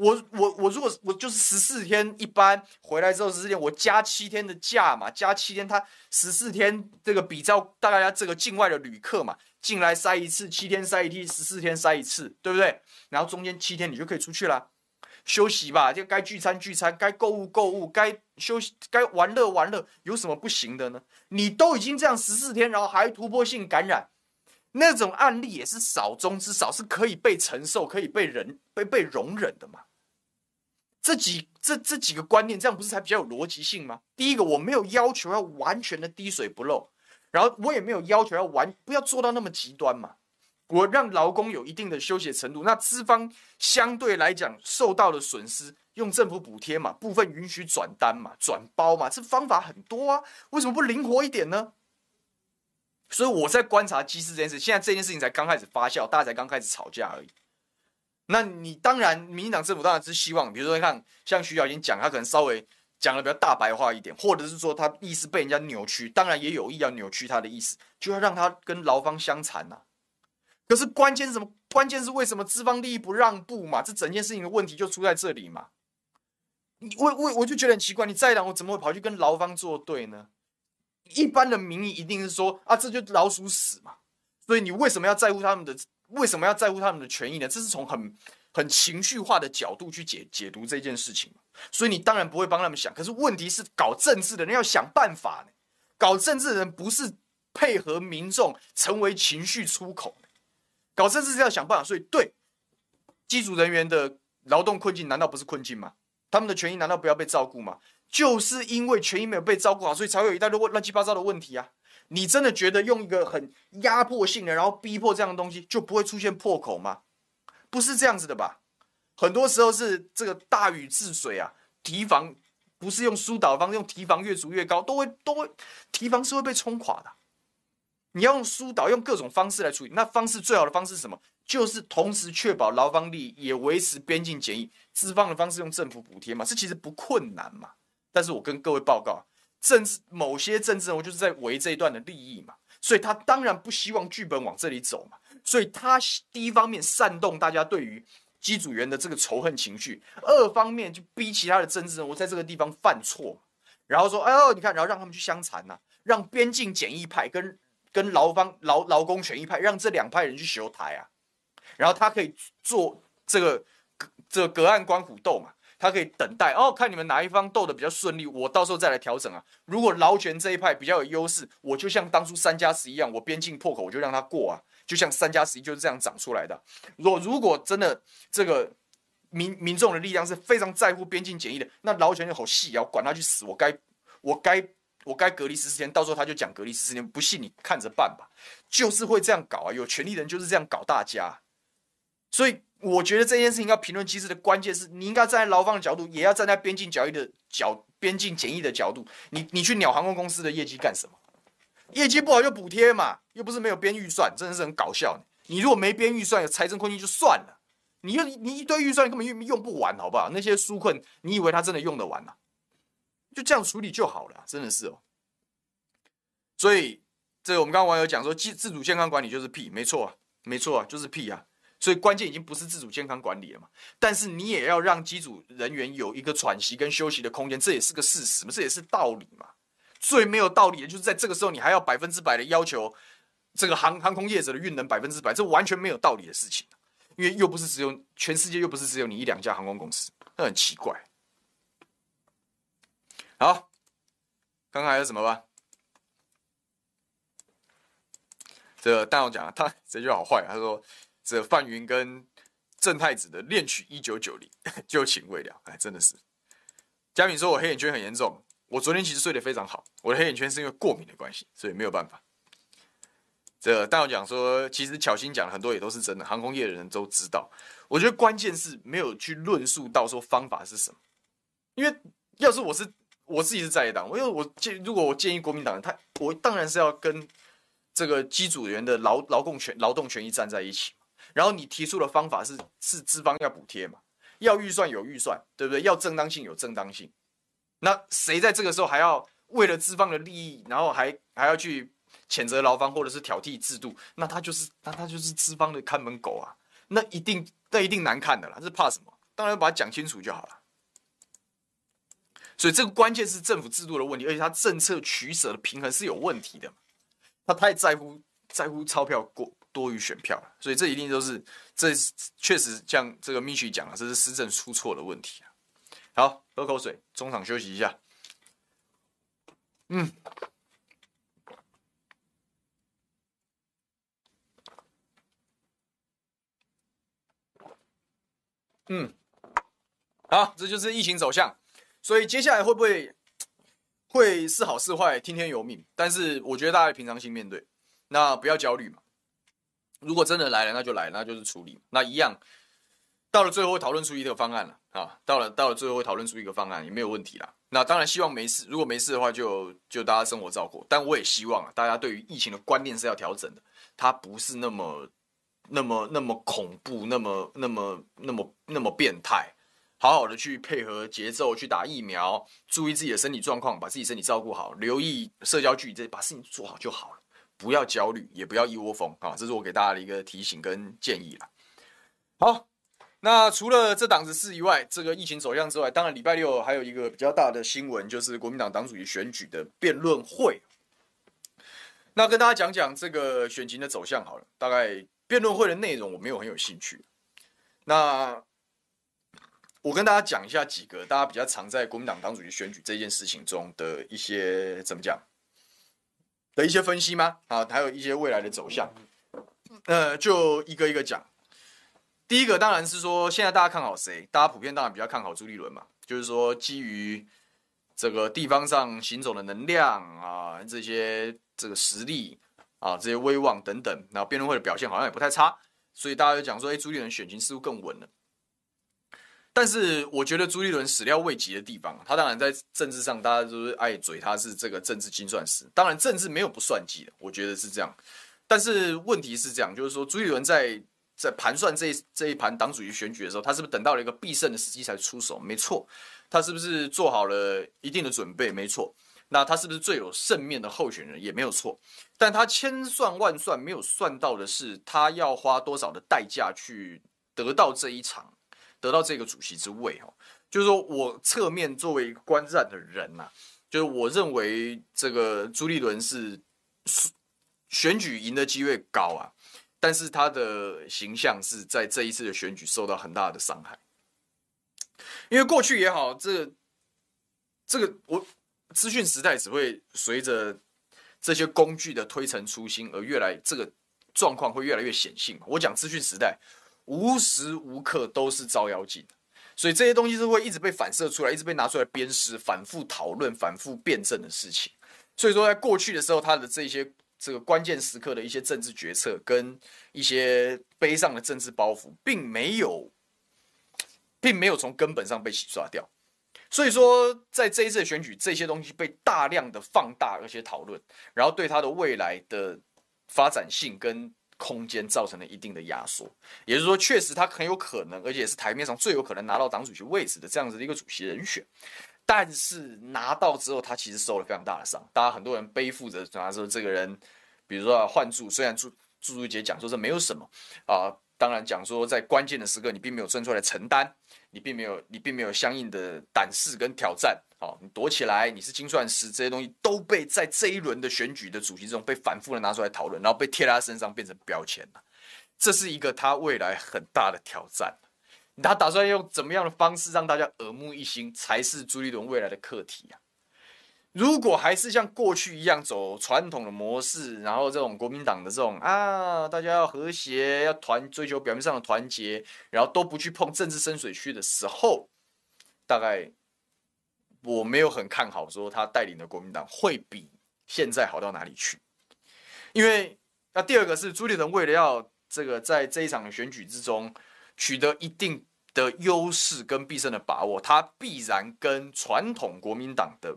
我我我如果我就是十四天一般回來之後十四天我加七天的假嘛，加七天，他十四天這個比較，大家這個境外的旅客嘛，進來塞一次，七天塞一次，十四天塞一次，對不對？然後中間七天你就可以出去啦、啊，休息吧，就該聚餐聚餐，該購物購物，該休息該玩樂玩樂，有什麼不行的呢？你都已經這樣十四天，然後還突破性感染，那種案例也是少中之少，是可以被承受、可以被人被被容忍的嘛。這幾這這幾個觀念，這樣不是才比較有邏輯性嗎？第一個，我沒有要求要完全的滴水不漏，然後我也沒有要求要完，不要做到那麼極端嘛。我讓勞工有一定的休息程度，那資方相對來講受到的損失，用政府補貼嘛，部分允許轉單嘛，轉包嘛，這方法很多啊，為什麼不靈活一點呢？所以我在觀察機制這件事，現在這件事情才剛開始發酵，大家才剛開始吵架而已。那你當然，民進黨政府當然是希望，比如說看，像徐小明講，他可能稍微講的比較大白話一點，或者是說他意思被人家扭曲，當然也有意要扭曲他的意思，就要讓他跟勞方相殘吶、啊。可是關鍵是什麼？關鍵是為什麼資方利益不讓步嘛？這整件事情的問題就出在這裡嘛。你我我我就覺得很奇怪，你在講我怎麼會跑去跟勞方作對呢？一般的民意一定是說啊，這就老鼠屎嘛。所以你為什麼要在乎他們的？為什麼要在乎他們的權益呢？這是從很很情緒化的角度去解解讀這件事情嘛。所以你當然不會幫他們想。可是問題是，搞政治的人要想辦法、欸。搞政治的人不是配合民眾成為情緒出口、欸、搞政治是要想辦法。所以，對機組人員的勞動困境，難道不是困境嗎？他們的權益難道不要被照顧嗎？就是因為權益沒有被照顧好，所以才會有一大堆亂七八糟的問題啊。你真的覺得用一個很壓迫性的，然後逼迫這樣的東西就不會出現破口嗎？不是這樣子的吧？很多時候是這個大禹治水啊，堤防不是用疏導的方式，用堤防越築越高，都會都會堤防是會被衝垮的。你要用疏導，用各種方式來處理。那方式最好的方式是什麼？就是同時確保勞方利益也，也維持邊境檢疫資方的方式，用政府補貼嘛，這其實不困難嘛。但是我跟各位報告。政治某些政治人物就是在為這一段的利益嘛，所以他當然不希望劇本往這裡走嘛，所以他第一方面煽動大家對於機組員的這個仇恨情緒，二方面就逼其他的政治人物在這個地方犯錯，然後說，哎呦，你看，然後讓他們去相殘吶，讓邊境檢疫派跟跟勞方勞勞工權益派，讓這兩派人去修台啊，然後他可以做這個這個這個隔岸觀虎鬥嘛。他可以等待哦，看你們哪一方鬥得比較順利，我到時候再來調整啊。如果勞權這一派比較有優勢，我就像當初三加十一一樣，我邊境破口我就讓他過啊，就像三加十一就是這樣長出來的。若如果真的這個民民眾的力量是非常在乎邊境檢疫的，那勞權就好戲啊，我管他去死，我該我該我該隔離十四天，到時候他就講隔離十四天，不信你看着辦吧，就是會這樣搞啊，有權利的人就是這樣搞大家，所以。我覺得這件事情要評論機制的關鍵是你應該站在勞方的角度，也要站在邊境交易的角、邊境檢疫的角度你。你你去鳥航空公司的業績幹什麼？業績不好就補貼嘛，又不是沒有編預算，真的是很搞笑。你如果沒編預算，有財政困境就算了你，你又你一堆預算根本用用不完，好不好？那些紓困，你以為他真的用得完啊？就這樣處理就好了，真的是哦。所以，這個，我們剛剛網友講說，自自主健康管理就是屁，沒錯啊，沒錯啊，就是屁啊。所以關鍵已經不是自主健康管理了嘛，但是你也要讓機組人員有一個喘息跟休息的空間，這也是個事實嘛，這也是道理嘛。最沒有道理的就是在這個時候，你還要百分之百的要求這個航航空業者的運能百分之百，這完全沒有道理的事情。因為又不是只有全世界又不是只有你一兩家航空公司，那很奇怪。好，剛剛還有什麼吧？這大蛋講了，他這句話好壞、啊，他說。這范雲跟鄭太子的戀曲《一九九零舊情未了》，哎，真的是。佳敏說我黑眼圈很嚴重，我昨天其實睡得非常好。我的黑眼圈是因為過敏的關係，所以沒有辦法。這，但我講說，其實巧心講很多也都是真的，航空業的人都知道。我覺得關鍵是沒有去論述到說方法是什麼，因為要是我是我自己是在野黨，因為我建如果我建議國民黨，他我當然是要跟這個機組員的勞勞動權、勞動權益站在一起。然後你提出的方法是是資方要補貼嘛？要預算有預算，對不對？要正當性有正當性。那誰在這個時候還要為了資方的利益，然後還還要去譴責勞方或者是挑剔製度？那他就是那他就是資方的看門狗啊！那一定那一定難看的啦！是怕什麼？當然要把它講清楚就好了。所以這個關鍵是政府制度的問題，而且他政策取捨的平衡是有問題的，他太在乎在乎鈔票過多餘選票，所以這一定都是這確實像這個 Michi 講的，這是施政出錯的問題啊。好，喝口水，中場休息一下。嗯，嗯，好，這就是疫情走向，所以接下來會不會會是好是壞，聽天由命。但是我覺得大家平常心面對，那不要焦慮嘛。如果真的來了，那就來了，那就是處理。那一樣，到了最後會討論出一個方案了啊！到了，到了最後會討論出一個方案也沒有問題啦。那當然希望沒事，如果沒事的話就，就就大家生活照顧。但我也希望啊，大家對於疫情的觀念是要調整的，它不是那麼、那麼、那麼恐怖，那麼、那麼、那麼、那麼變態。好好的去配合節奏，去打疫苗，注意自己的身體狀況，把自己身體照顧好，留意社交距離，把事情做好就好了。不要焦慮，也不要一窩蜂啊！這是我給大家的一個提醒跟建議了。好，那除了這檔子事以外，這個疫情走向之外，當然禮拜六還有一個比較大的新聞，就是國民黨黨主席選舉的辯論會。那跟大家講講這個選情的走向好了。大概辯論會的內容我沒有很有興趣。那我跟大家講一下幾個大家比較常在國民黨黨主席選舉這件事情中的一些怎麼講。的一些分析嗎？啊，還有一些未來的走向，呃，就一個一個講。第一個當然是說，現在大家看好誰？大家普遍當然比較看好朱立倫嘛，就是說基於這個地方上行走的能量啊，這些這個實力啊，這些威望等等，然後辯論會的表現好像也不太差，所以大家就講說，哎、欸，朱立倫選情似乎更穩了。但是我覺得朱立倫始料未及的地方，他當然在政治上，大家都是愛嘴，他是這個政治精算師。當然，政治沒有不算計的，我覺得是這樣。但是問題是這樣，就是說朱立倫在在盤算這一這一盤黨主席選舉的時候，他是不是等到了一個必勝的時機才出手？沒錯。他是不是做好了一定的準備？沒錯。那他是不是最有勝面的候選人？也沒有錯。但他千算萬算沒有算到的是，他要花多少的代價去得到這一場。得到這個主席之位哦，就是說我側面作為一個觀戰的人啊，就是我認為這個朱立倫是選舉贏的機會高啊，但是他的形象是在這一次的選舉受到很大的傷害，因為過去也好，這個這個我資訊時代只會隨着這些工具的推陳出新而越來這個狀況會越來越顯性。我講資訊時代。無時無刻都是照妖鏡，所以這些東西是會一直被反射出來，一直被拿出來鞭屍、反覆討論、反覆辯證的事情。所以說，在過去的時候，他的這些這個關鍵時刻的一些政治決策跟一些背上的政治包袱，並沒有，並沒有從根本上被洗刷掉。所以說，在這一次的選舉，這些東西被大量的放大而且討論，然後對他的未來的發展性跟。空間造成了一定的壓縮，也就是說，確實他很有可能，而且也是台面上最有可能拿到黨主席位置的這樣子的一個主席人選。但是拿到之後，他其實受了非常大的傷。大家很多人背負着，說這個人，比如說換柱。雖然柱柱姐講說這沒有什麼啊，當然講說在關鍵的時刻你並沒有站出來的承擔，你並沒有你並沒有相應的膽識跟挑戰。好、哦，你躲起來，你是精算師，這些東西都被在這一輪的選舉的主席中被反覆的拿出來討論，然後被貼在他身上變成標籤了。這是一個他未來很大的挑戰。他打算用怎麼樣的方式讓大家耳目一新，才是朱立倫未來的課題啊。如果還是像過去一樣走傳統的模式，然後這種國民黨的這種啊，大家要和諧，要團，追求表面上的團結，然後都不去碰政治深水區的時候，大概。我沒有很看好說他帶領的國民黨會比現在好到哪裡去，因為那第二個是朱立倫為了要這個在這一場選舉之中取得一定的優勢跟必勝的把握，他必然跟傳統國民黨的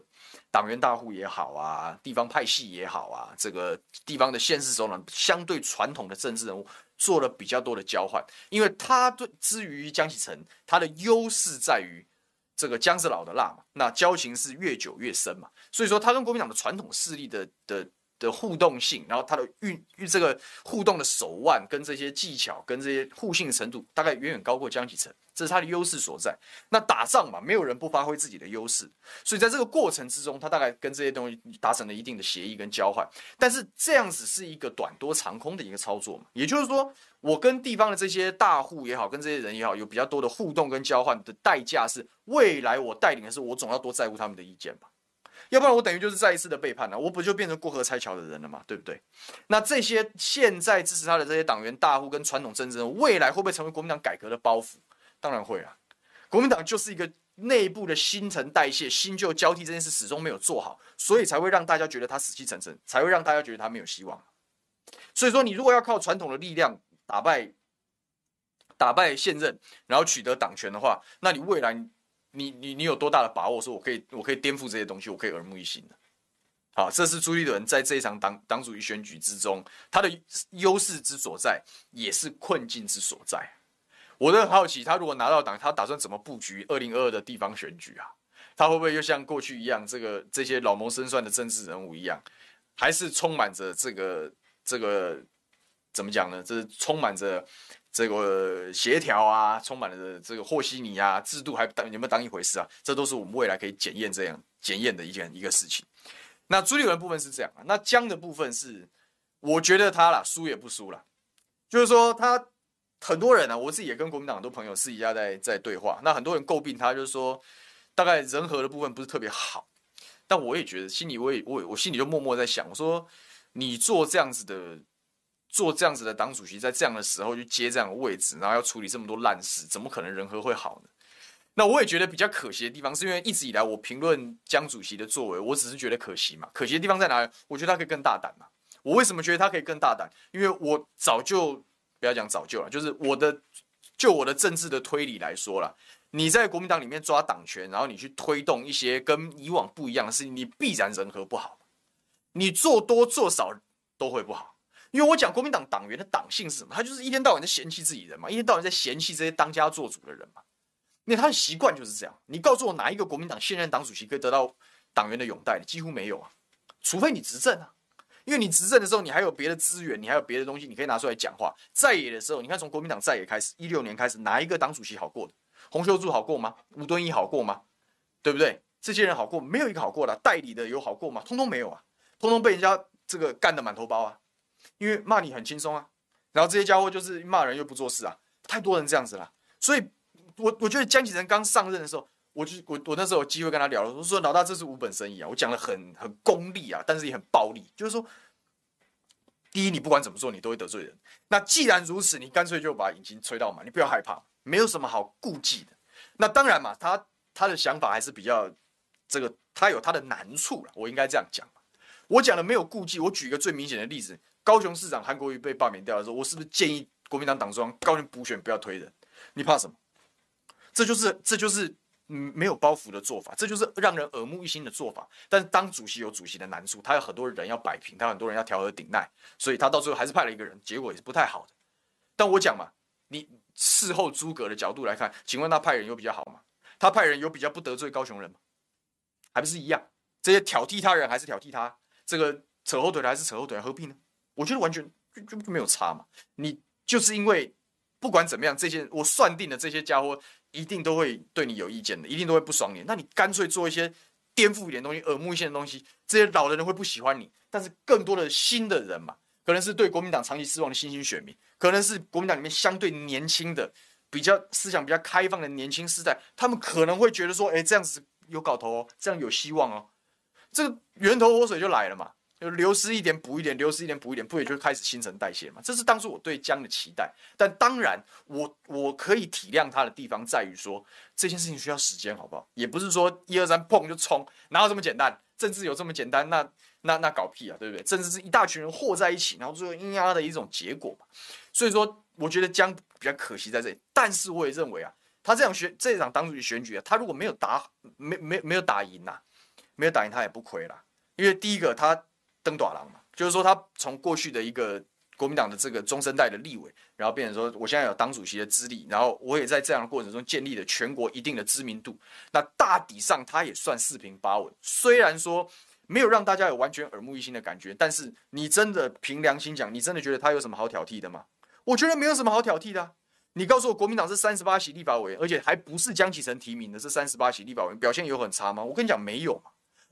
黨員大戶也好啊，地方派系也好啊，這個地方的縣市首長相對傳統的政治人物做了比較多的交換，因為他對之於江啟臣，他的優勢在於。這個薑是老的辣嘛，那交情是越久越深嘛，所以說他跟國民黨的傳統勢力的的的互動性，然後他的運運這個互動的手腕跟這些技巧跟這些互信程度，大概遠遠高過江啟臣。這是他的優勢所在。那打仗嘛，沒有人不發揮自己的優勢，所以在這個過程之中，他大概跟這些東西達成了一定的協議跟交換。但是這樣子是一個短多長空的一個操作嘛，也就是說，我跟地方的這些大戶也好，跟這些人也好，有比較多的互動跟交換的代價是，未來我帶領的是我總要多在乎他們的意見吧，要不然我等於就是再一次的背叛了、啊，我不就變成過河拆橋的人了嘛，對不對？那這些現在支持他的這些黨員大戶跟傳統政治人，未來會不會成為國民黨改革的包袱？當然會了，國民黨就是一個內部的新陳代謝、新舊交替這件事始終沒有做好，所以才會讓大家覺得他死氣沉沉，才會讓大家覺得他沒有希望。所以說，你如果要靠傳統的力量打敗打敗現任，然後取得黨權的話，那你未來你你你有多大的把握說我可以我可以顛覆這些東西，我可以耳目一新的？好，這是朱立倫在這一場黨黨主席選舉之中他的優勢之所在，也是困境之所在。我都很好奇，他如果拿到黨，他打算怎麼布局二零二二的地方選舉啊？他會不會又像過去一樣，這個這些老謀深算的政治人物一樣，還是充滿着這個這個怎麼講呢？這是充滿着這個協調啊，充滿了這個和稀泥啊，制度還當有沒有當一回事啊？這都是我們未來可以檢驗這樣檢驗的一件一個事情。那朱立倫的部分是這樣啊，那江的部分是，我覺得他啦，輸也不輸了，就是說他。很多人啊，我自己也跟國民黨很多朋友私底下在在對話。那很多人詬病他，就是說，大概人和的部分不是特別好。但我也覺得，心裡我也我也我心裡就默默在想，我說你做這樣子的做這樣子的黨主席，在這樣的時候去接這樣的位置，然後要處理這麼多爛事，怎麼可能人和會好呢？那我也覺得比較可惜的地方，是因為一直以來我評論江主席的作為，我只是覺得可惜嘛。可惜的地方在哪裡？我覺得他可以更大膽嘛。我為什麼覺得他可以更大膽？因為我早就。不要講早就了，就是我的，就我的政治的推理來說了，你在國民黨裡面抓黨權，然後你去推動一些跟以往不一樣的事情，你必然人和不好，你做多做少都會不好，因為我講國民黨黨員的黨性是什麼？他就是一天到晚在嫌棄自己人嘛，一天到晚在嫌棄這些當家做主的人嘛，因為他的習慣就是這樣。你告訴我哪一個國民黨現任黨主席可以得到黨員的擁戴？幾乎沒有啊，除非你執政啊。因為你執政的時候，你還有別的資源，你還有別的東西，你可以拿出來講話。在野的時候，你看從國民黨在野開始，一六年開始，哪一個黨主席好過的？洪秀柱好過嗎？吳敦義好過嗎？對不對？這些人好過，沒有一個好過的啊，代理的有好過嗎？通通沒有啊，通通被人家這個幹得滿頭包啊，因為罵你很輕鬆啊。然後這些家伙就是罵人又不做事啊，太多人這樣子了啊，所以我我覺得江啟臣剛上任的時候。我就我我那時候有機會跟他聊了，我說，老大，這是無本生意啊，我，我講的很很功利啊，但是也很暴利。就是說，第一，你不管怎麼做，你都會得罪人。那既然如此，你乾脆就把引擎催到嘛，你不要害怕，沒有什麼好顧忌的。那當然嘛他，他他的想法還是比較這個，他有他的難處啦，我應該這樣講。我講的沒有顧忌。我舉一個最明顯的例子：高雄市長韓國瑜被罷免掉的時候，我是不是建議國民黨黨中央高雄補選不要推人？你怕什麼這，就是？這就是這就是。嗯，沒有包袱的做法，這就是讓人耳目一新的做法。但是當主席有主席的難處，他有很多人要擺平，他有很多人要調和鼎鼐，所以他到最後還是派了一個人，結果也是不太好的。但我講嘛，你事後諸葛的角度來看，請問他派人有比較好嗎？他派人有比較不得罪高雄人嗎？還不是一樣，這些挑剔他人還是挑剔他，這個扯後腿的還是扯後腿，何必呢？我覺得完全就就，就，就沒有差嘛。你就是因為不管怎麼樣，這些我算定了這些家伙，一定都會對你有意見的，一定都會不爽你。那你乾脆做一些顛覆一點東西，耳目一新的東西。這些老的人會不喜歡你，但是更多的新的人嘛，可能是對國民黨長期失望的新興選民，可能是國民黨裡面相對年輕的、比較思想比較開放的年輕世代，他們可能會覺得說，哎，這樣子有搞頭哦，這樣有希望哦，這個源頭活水就來了嘛。流失一點補一點，流失一點補一點，不也就開始新陳代謝嗎？這是當初我對江的期待。但當然我，我我可以體諒他的地方在於說，這件事情需要時間，好不好？也不是說一二三碰就衝，哪有這麼簡單？政治有這麼簡單？那那那搞屁啊，對不對？政治是一大群人和在一起，然後最後咿壓的一種結果。所以說，我覺得江比較可惜在這裡。但是我也認為啊，他這場選這場黨主席選舉啊，他如果沒有打沒沒沒有打贏吶、啊，沒有打贏他也不虧了，因為第一個他。登塔郎嘛，就是說他從過去的一個國民黨的這個中生代的立委，然後變成說我現在有黨主席的資歷，然後我也在這樣的過程中建立了全國一定的知名度。那大抵上他也算四平八穩，雖然說沒有讓大家有完全耳目一新的感覺，但是你真的憑良心講，你真的覺得他有什麼好挑剔的嗎？我覺得沒有什麼好挑剔的，啊。你告訴我，國民黨是三十八席立法委員，而且還不是江啟臣提名的，是三十八席立法委員表現有很差嗎？我跟你講，沒有。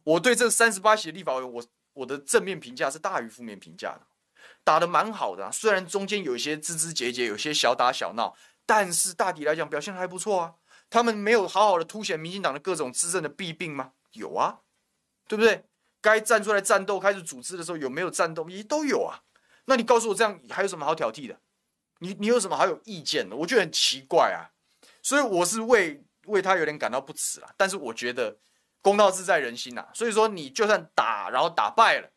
我對這三十八席的立法委員，我。我的正面評價是大於負面評價的，打得蠻好的啊。雖然中間有一些枝枝節節、有些小打小鬧，但是大體來講表現還不錯啊。他們沒有好好的凸顯民進黨的各種執政的弊病嗎？有啊，對不對？該站出來戰鬥、開始組織的時候有沒有戰鬥？也都有啊。那你告訴我這樣還有什麼好挑剔的？你你有什麼好有意見的？我覺得很奇怪啊。所以我是為為他有點感到不齒啦，但是我覺得。公道自在人心吶、啊，所以說你就算打，然後打敗了，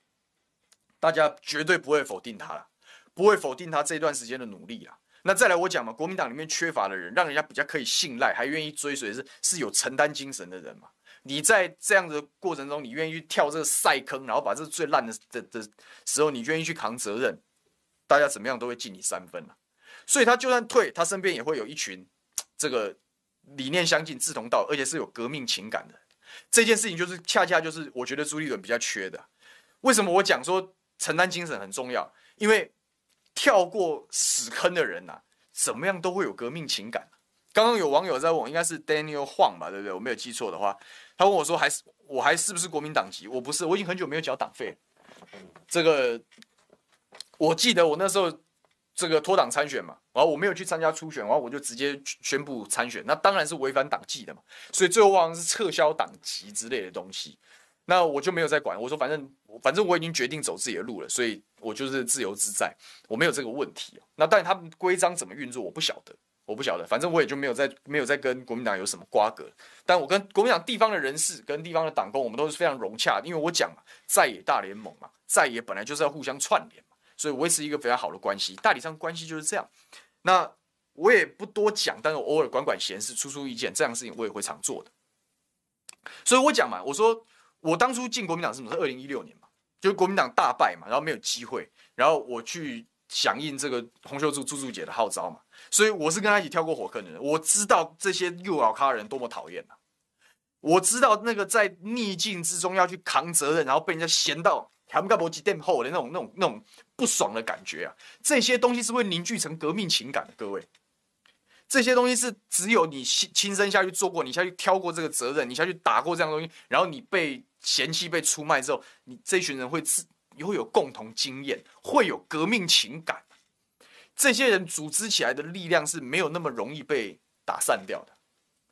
大家絕對不會否定他了，不會否定他這段時間的努力了。那再來我講嘛，國民黨裡面缺乏的人，讓人家比較可以信賴，還願意追隨是是有承擔精神的人嘛。你在這樣的過程中，你願意去跳這個賽坑，然後把這個最爛的的的時候，你願意去扛責任，大家怎麼樣都會敬你三分了、啊。所以他就算退，他身邊也會有一群，這個理念相近、志同道合，而且是有革命情感的。這件事情就是恰恰就是我覺得朱立倫比較缺的。為什麼我講說承擔精神很重要？因為跳過死坑的人吶、啊，怎麼樣都會有革命情感。剛剛有網友在問我，應該是 Daniel 晃吧，對不對？我沒有記錯的話，他問我說，還是我還是不是國民黨籍？我不是，我已經很久沒有繳黨費了。這個我記得我那時候。這個脫黨參選嘛，然後我沒有去參加初選，然後我就直接宣布參選，那當然是違反黨紀的嘛，所以最後好像是撤銷黨籍之類的東西。那我就沒有再管，我說反正反正我已經決定走自己的路了，所以我就是自由自在，我沒有這個問題啊，那但他們規章怎麼運作，我不曉得，我不曉得，反正我也就沒有再沒有再跟國民黨有什麼瓜葛。但我跟國民黨地方的人士跟地方的黨工，我們都是非常融洽的，因為我講嘛，在野大聯盟嘛，在野本來就是要互相串聯嘛。所以，維持一個非常好的關係，大體上關係就是這樣。那我也不多講，但是我偶爾管管閒事、出出意見，這樣事情我也會常做的。所以我講嘛，我說我當初進國民黨是什麼？是二零一六年嘛，就是國民黨大敗嘛，然後沒有機會，然後我去響應這個洪秀柱柱柱姐的號召嘛。所以我是跟她一起跳過火坑的人。我知道這些六老咖人多麼討厭啊，我知道那個在逆境之中要去扛責任，然後被人家嫌到，還沒搞過幾天後的那種、那種、那種不爽的感覺啊！這些東西是會凝聚成革命情感的，各位。這些東西是只有你親親身下去做過，你下去挑過這個責任，你下去打過這樣的東西，然後你被嫌棄、被出賣之後，你這群人會自會有共同經驗，會有革命情感。這些人組織起來的力量是沒有那麼容易被打散掉的，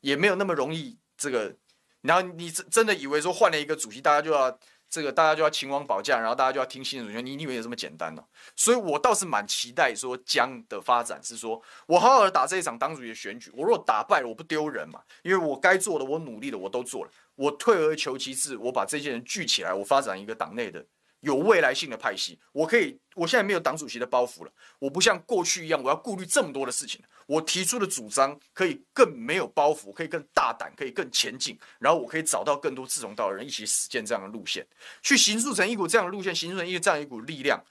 也沒有那麼容易這個。然後你真真的以為說，換了一個主席，大家就要。這個大家就要勤王保駕，然後大家就要聽信主你，你以為有這麼簡單呢？啊？所以我倒是蠻期待說江的發展是說，我好好的打這一場黨主席選舉。我若打敗了，我不丟人嘛？因為我該做的，我努力的，我都做了。我退而求其次，我把這些人聚起來，我發展一個黨內的。有未來性的派系，我可以，我現在沒有黨主席的包袱了，我不像過去一樣，我要顧慮這麼多的事情。我提出的主張可以更沒有包袱，可以更大膽，可以更前進，然後我可以找到更多志同道合的人一起實踐這樣的路線，去形塑成一股這樣的路線，形塑成一個這樣一股力量，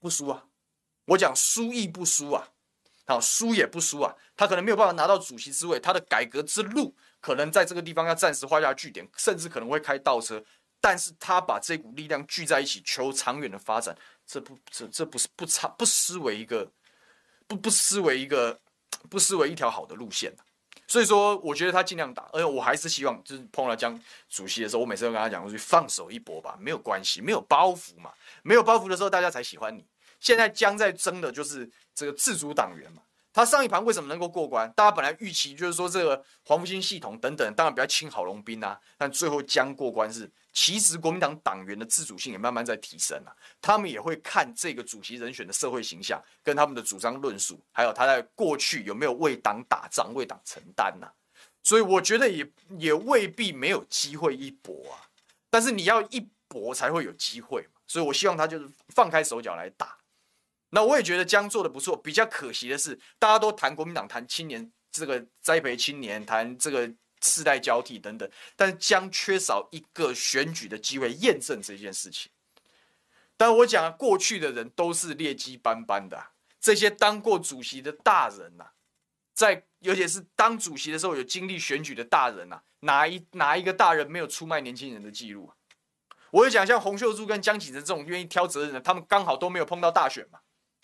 不輸啊！我講輸亦不輸啊，好，輸也不輸啊。他可能沒有辦法拿到主席之位，他的改革之路可能在這個地方要暫時畫下句點，甚至可能會開倒車。但是他把這股力量聚在一起，求長遠的發展，這不這這不是不差不失為一個不不失為一個不失為一條好的路線、啊，所以說我覺得他盡量打，而且我還是希望就是碰到江主席的時候，我每次都跟他講，我說放手一搏吧，沒有關係，沒有包袱嘛，沒有包袱的時候大家才喜歡你。現在江在爭的就是這個自主黨員嘛，他上一盤為什麼能夠過關？大家本來預期就是說這個黃復興系統等等，當然比較親郝龍斌啊，但最後江過關是。其實國民黨黨員的自主性也慢慢在提升了，啊，他們也會看這個主席人選的社會形象，跟他們的主張論述，還有他在過去有沒有為黨打仗、為黨承擔吶、啊？所以我覺得也也未必沒有機會一搏啊。但是你要一搏才會有機會嘛，所以我希望他就是放開手腳來打。那我也覺得江做的不錯，比較可惜的是，大家都談國民黨、談青年這個栽培青年、談這個。世代交替等等，但將缺少一個選舉的機會驗證這件事情。但我講過去的人都是劣跡斑斑的、啊，這些當過主席的大人吶、啊，在尤其是當主席的時候有經歷選舉的大人吶、啊，哪一哪一個大人沒有出賣年輕人的記錄、啊？我就講像洪秀柱跟江啟臣這種願意挑責任的，他們剛好都沒有碰到大選嘛，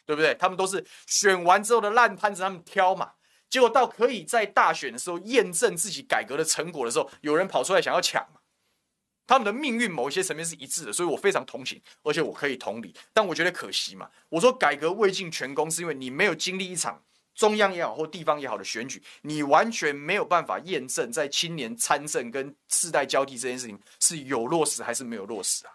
對不對？他們都是選完之後的爛攤子，他們挑嘛。結果到可以在大選的時候驗證自己改革的成果的時候，有人跑出來想要搶嘛，他們的命運某一些層面是一致的，所以我非常同情，而且我可以同理，但我覺得可惜嘛。我說改革未盡全功，是因為你沒有經歷一場中央也好或地方也好的選舉，你完全沒有辦法驗證在青年參政跟世代交替這件事情是有落實還是沒有落實啊。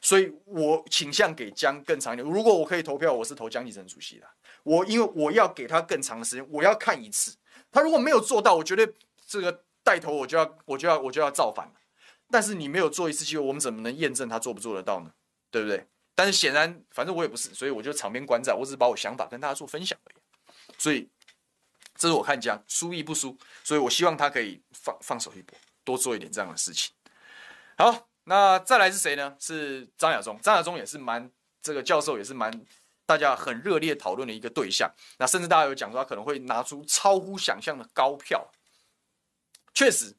所以我傾向給江更長一點。如果我可以投票，我是投江啟臣主席的。我因為我要給他更長的時間，我要看一次。他如果沒有做到，我絕對這個帶頭，我就要，我就要，我就要造反。但是你沒有做一次機會，我們怎麼能驗證他做不做得到呢？對不對？但是顯然，反正我也不是，所以我就場邊觀戰，我只是把我想法跟大家做分享而已。所以這是我看江輸亦不輸，所以我希望他可以放放手一搏，多做一點這樣的事情。好，那再來是誰呢？是張亞中，張亞中也是蠻這個教授也是蠻。大家很熱烈討論的一個對象，那甚至大家有講說他可能會拿出超乎想象的高票。確實，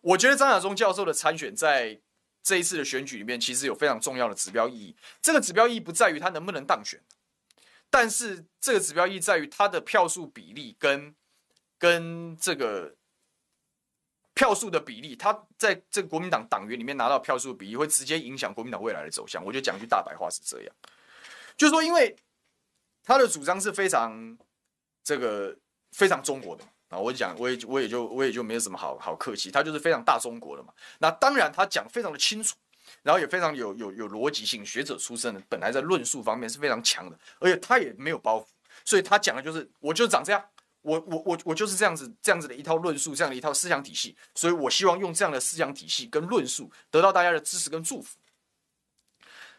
我覺得張亞中教授的參選在這一次的選舉裡面，其實有非常重要的指標意義。這個指標意義不在於他能不能當選，但是這個指標意義在於他的票數比例跟跟這個票數的比例，他在這個國民黨黨員裡面拿到票數比例，會直接影響國民黨未來的走向。我就講句大白話是這樣，就是說因為。他的主張是非常這個非常中國的啊，我講，我也我也就我也就沒有什麼好好客氣，他就是非常大中國的嘛。那當然他講非常的清楚，然後也非常有有有邏輯性，學者出身的，本來在論述方面是非常強的，而且他也沒有包袱，所以他講的就是我就長這樣，我我我我就是這樣子這樣子的一套論述，這樣的一套思想體系，所以我希望用這樣的思想體系跟論述得到大家的支持跟祝福。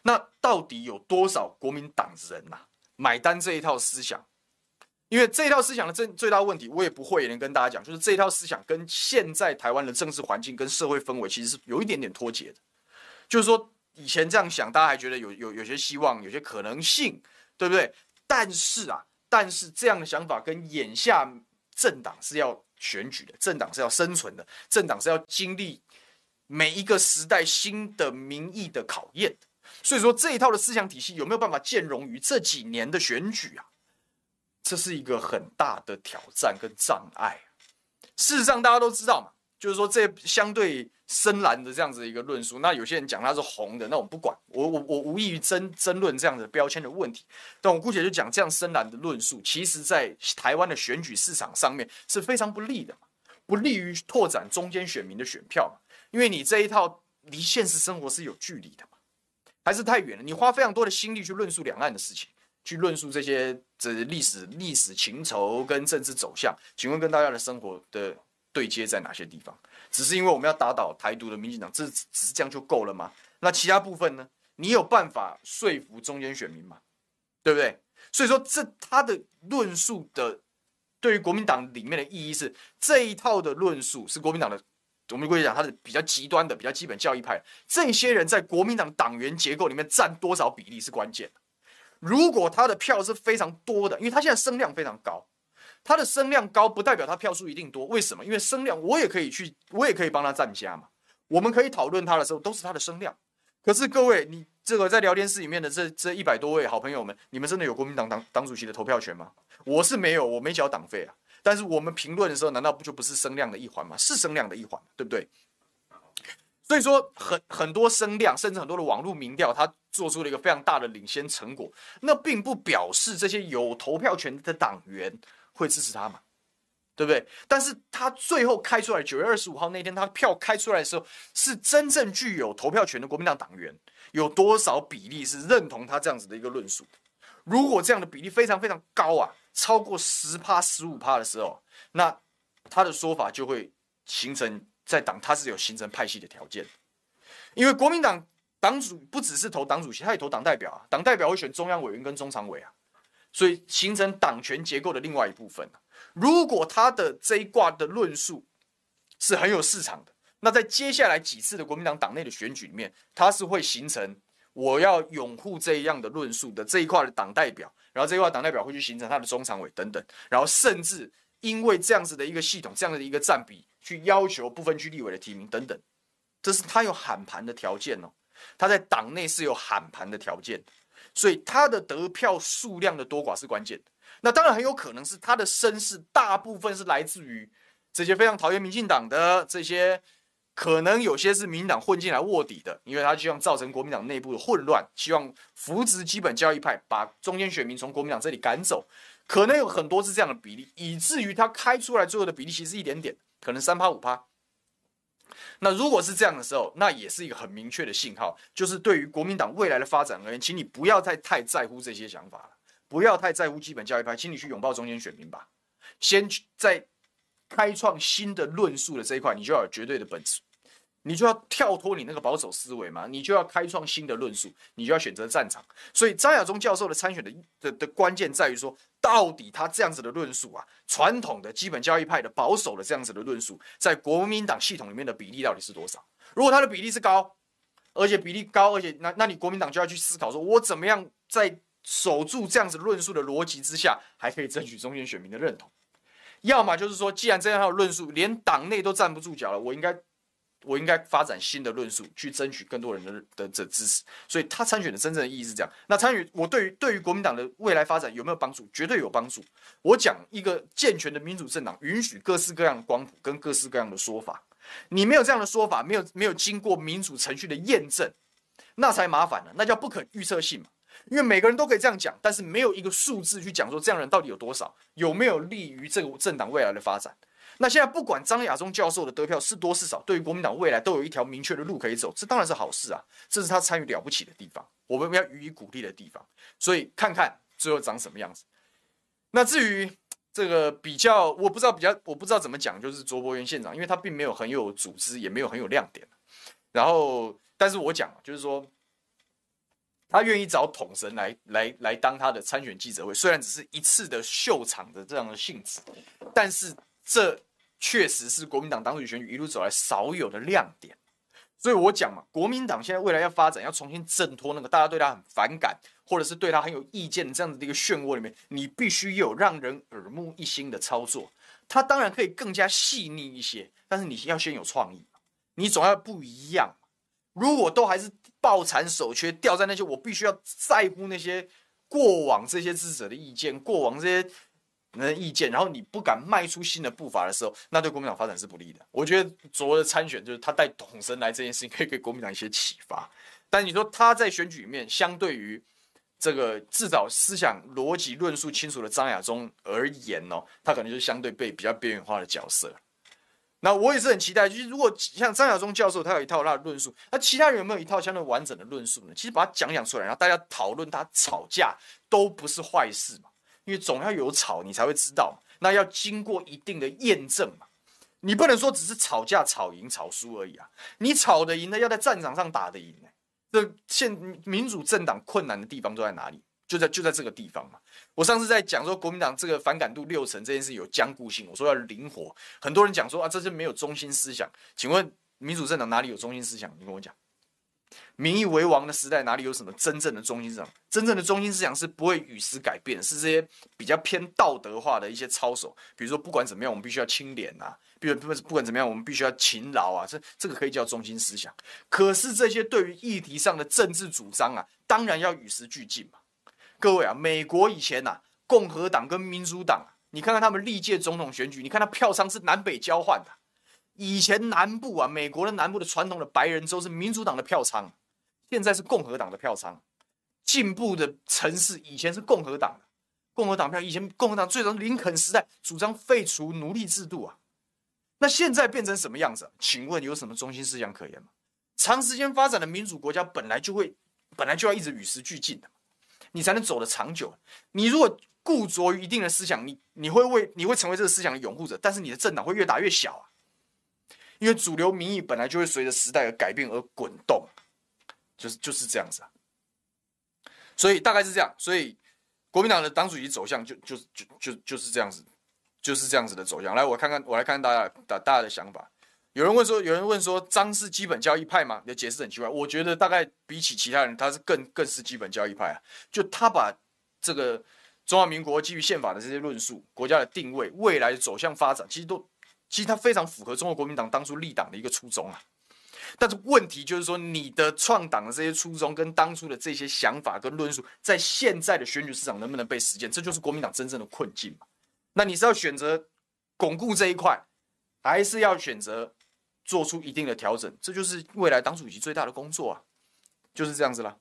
那到底有多少國民黨人吶啊，買單這一套思想，因為這一套思想的最最大問題，我也不會也能跟大家講，就是這一套思想跟現在台灣的政治環境跟社會氛圍其實是有一點點脫節的。就是說，以前這樣想，大家還覺得有有有些希望，有些可能性，對不對？但是啊，但是這樣的想法跟眼下政黨是要選舉的，政黨是要生存的，政黨是要經歷每一個時代新的民意的考驗。所以說這一套的思想體系有沒有辦法兼容於這幾年的選舉啊？這是一個很大的挑戰跟障礙啊。事實上，大家都知道嘛，就是說，這相對深藍的這樣子一個論述，那有些人講它是紅的，那我不管，我我我無意於爭爭論這樣子標籤的問題。但我姑且就講這樣深藍的論述，其實在台灣的選舉市場上面是非常不利的嘛，不利於拓展中間選民的選票嘛，因為你這一套離現實生活是有距離的嘛。還是太遠了，你花非常多的心力去論述兩岸的事情，去論述這些這歷史歷史情仇跟政治走向，請問跟大家的生活的對接在哪些地方？只是因為我們要打倒台獨的民進黨，這只是這樣就夠了嗎？那其他部分呢？你有辦法說服中間選民嗎？對不對？所以說，這他的論述的對於國民黨裡面的意義是，這一套的論述是國民黨的。我們過去講，他是比較極端的、比較基本教義派的。這些人在國民黨黨員結構裡面占多少比例是關鍵。如果他的票是非常多的，因為他現在聲量非常高，他的聲量高不代表他票數一定多。為什麼？因為聲量我也可以去，我也可以幫他增加嘛。我們可以討論他的時候都是他的聲量。可是各位，你這個在聊天室裡面的這這一百多位好朋友們，你們真的有國民黨黨黨主席的投票權嗎？我是沒有，我沒繳黨費啊。但是我們評論的時候，難道不就不是聲量的一環嗎？是聲量的一環，對不對？所以說很很多聲量，甚至很多的網絡民調，他做出了一個非常大的領先成果。那並不表示這些有投票權的黨員會支持他嘛，對不對？但是他最後開出來，九月二十五號那天，他票開出來的時候，是真正具有投票權的國民黨黨員有多少比例是認同他這樣子的一個論述？如果這樣的比例非常非常高啊！超過十趴、十五趴的時候，那他的說法就會形成在黨，他是有形成派系的條件的。因為國民黨黨主不只是投黨主席，他也投黨代表啊，黨代表會選中央委員跟中常委啊，所以形成黨權結構的另外一部分啊。如果他的這一掛的論述是很有市場的，那在接下來幾次的國民黨黨內的選舉裡面，他是會形成我要擁護這樣的論述的這一塊的黨代表。然後這塊黨代表會去形成他的中常委等等，然後甚至因為這樣子的一個系統，這樣子的一個佔比，去要求不分區立委的提名等等，這是他有喊盤的條件哦，他在黨內是有喊盤的條件，所以他的得票數量的多寡是關鍵。那當然很有可能是他的聲勢大部分是來自於這些非常討厭民進黨的這些。可能有些是民進黨混進來臥底的，因為他希望造成國民黨內部的混亂，希望扶植基本教義派，把中間選民從國民黨這裡趕走。可能有很多是這樣的比例，以至於他開出來最後的比例其實是一點點，可能三趴五趴。那如果是這樣的時候，那也是一個很明確的信號，就是對於國民黨未來的發展而言，請你不要太太在乎這些想法了，不要太在乎基本教義派，請你去擁抱中間選民吧，先去在。開創新的論述的這一塊，你就要有絕對的本事，你就要跳脫你那個保守思維嘛，你就要開創新的論述，你就要選擇戰場。所以張亞中教授的參選的的的關鍵在於說，到底他這樣子的論述啊，傳統的基本教義派的保守的這樣子的論述，在國民黨系統裡面的比例到底是多少？如果他的比例是高，而且比例高，而且那那你國民黨就要去思考說，我怎麼樣在守住這樣子論述的邏輯之下，還可以爭取中間選民的認同。要麼就是說，既然這樣還有論述，連黨內都站不住腳了，我應該，我應該發展新的論述，去爭取更多人的的這支持。所以他參選的真正的意義是這樣。那參與我對於對於國民黨的未來發展有沒有幫助？絕對有幫助。我講一個健全的民主政黨，允許各式各樣的光譜跟各式各樣的說法。你沒有這樣的說法，沒有沒有經過民主程序的驗證，那才麻煩呢。那叫不可預測性嘛。因為每個人都可以這樣講，但是沒有一個數字去講說這樣的人到底有多少，有沒有利於這個政黨未來的發展。那現在不管張亞中教授的得票是多是少，對於國民黨未來都有一條明確的路可以走，這當然是好事啊，這是他參與了不起的地方，我們要予以鼓勵的地方。所以看看最後長什麼樣子。那至於這個比較，我不知道比較，我不知道怎麼講，就是卓伯源縣長，因為他並沒有很有組織，也沒有很有亮點。然後，但是我講就是說。他願意找統神來來來當他的參選記者會，雖然只是一次的秀場的這樣的性質，但是這確實是國民黨黨主席選舉一路走來少有的亮點。所以我講嘛，國民黨現在未來要發展，要重新掙脫那個大家對他很反感，或者是對他很有意見這樣子的一個漩渦裡面，你必須有讓人耳目一新的操作。他當然可以更加細膩一些，但是你要先有創意，你總要不一樣。如果都還是。抱殘守缺，掉在那些我必須要在乎那些過往這些支持者的意見，過往這些人的意見，然後你不敢邁出新的步伐的時候，那對國民黨發展是不利的。我覺得昨的參選就是他帶統神來這件事情，可以給國民黨一些啟發。但你說他在選舉裡面，相對於這個至少思想邏輯論述清楚的張亞中而言呢、喔，他可能就是相對被比較邊緣化的角色。那我也是很期待，就是如果像張小忠教授他有一套他的論述，那其他人有沒有一套相對完整的論述呢？其實把它講講出來，然後大家討論，他吵架都不是壞事嘛，因為總要有吵，你才會知道嘛。那要經過一定的驗證嘛，你不能說只是吵架、吵贏、吵輸而已啊。你吵得贏呢，要在戰場上打得贏、欸。這現民主政黨困難的地方都在哪裡？就在就在這個地方嘛！我上次在講說，國民黨這個反感度六成這件事有僵固性，我說要靈活。很多人講說啊，這些沒有中心思想。請問民主政黨哪裡有中心思想？你跟我講，民意為王的時代哪裡有什麼真正的中心思想？真正的中心思想是不會與時改變，是這些比較偏道德化的一些操守，比如說不管怎麼樣我們必須要清廉啊，比如不管怎麼樣我們必須要勤勞啊，這這個可以叫中心思想。可是這些對於議題上的政治主張啊，當然要與時俱進嘛。各位啊，美國以前吶、啊，共和黨跟民主黨、啊、你看看他們歷屆總統選舉，你看他票倉是南北交換的、啊。以前南部啊，美國的南部的傳統的白人州是民主黨的票倉，現在是共和黨的票倉。進步的城市以前是共和黨，共和黨票以前共和黨最早林肯時代主張廢除奴隸制度啊，那現在變成什麼樣子、啊？請問有什麼中心思想可言嗎？長時間發展的民主國家本來就會，本來就要一直與時俱進的。你才能走得長久。你如果固着於一定的思想，你你會為你會成為這個思想的擁護者，但是你的政黨會越打越小啊，因為主流民意本來就會隨着時代而改變而滾動，就是就是這樣子啊。所以大概是這樣，所以國民黨的黨主席走向就就就就就是這樣子，就是這樣子的走向。來，我看看我來看看大家大大家的想法。有人問說，有人問說，張是基本教義派嗎？你的解釋很奇怪。我覺得大概比起其他人，他是更更是基本教義派啊。就他把這個中華民國基於憲法的這些論述、國家的定位、未來的走向發展，其實都其實他非常符合中國國民黨當初立黨的一個初衷啊。但是問題就是說，你的創黨的這些初衷跟當初的這些想法跟論述，在現在的選舉市場能不能被實踐？這就是國民黨真正的困境嘛。那你是要選擇鞏固這一塊，還是要選擇？做出一定的調整，這就是未來黨主席最大的工作啊，就是這樣子啦。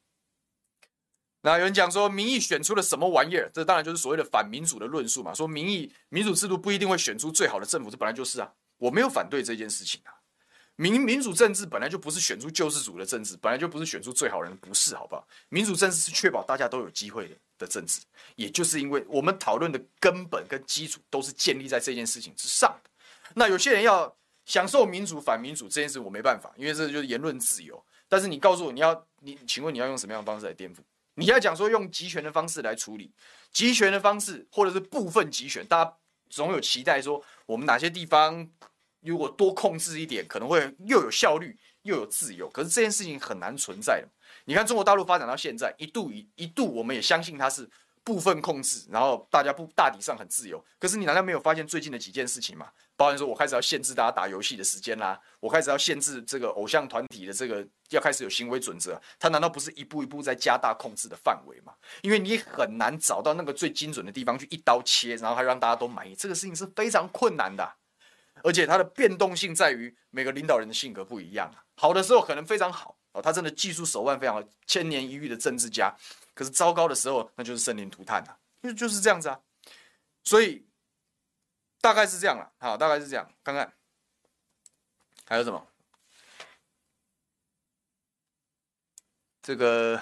那有人講說，民意選出了什麼玩意兒？這當然就是所謂的反民主的論述嘛。說民意民主制度不一定會選出最好的政府，這本來就是啊，我沒有反對這件事情啊。民民主政治本來就不是選出救世主的政治，本來就不是選出最好的人，不是好不好？民主政治是確保大家都有機會的的政治，也就是因為我們討論的根本跟基礎都是建立在這件事情之上的。那有些人要。享受民主反民主這件事，我沒辦法，因為這就是言論自由。但是你告訴我你，你要你請問你要用什麼樣的方式來顛覆？你要講說用集權的方式來處理，集權的方式或者是部分集權，大家總有期待說我們哪些地方如果多控制一點，可能會又有效率又有自由。可是這件事情很難存在的。你看中國大陸發展到現在，一度一一度我們也相信它是。部分控制，然後大家不大體上很自由。可是你難道沒有發現最近的幾件事情嗎？包含說，我開始要限制大家打遊戲的時間啦、啊，我開始要限制這個偶像團體的這個要開始有行為準則、啊。他難道不是一步一步在加大控制的範圍嗎？因為你很難找到那個最精準的地方去一刀切，然後還讓大家都滿意，這個事情是非常困難的、啊。而且它的變動性在於每個領導人的性格不一樣、啊。好的時候可能非常好哦，他真的技術手腕非常好，千年一遇的政治家。可是糟糕的時候，那就是生靈塗炭吶、啊，就就是這樣子啊。所以大概是這樣了，好，大概是這樣。看看還有什麼？這個，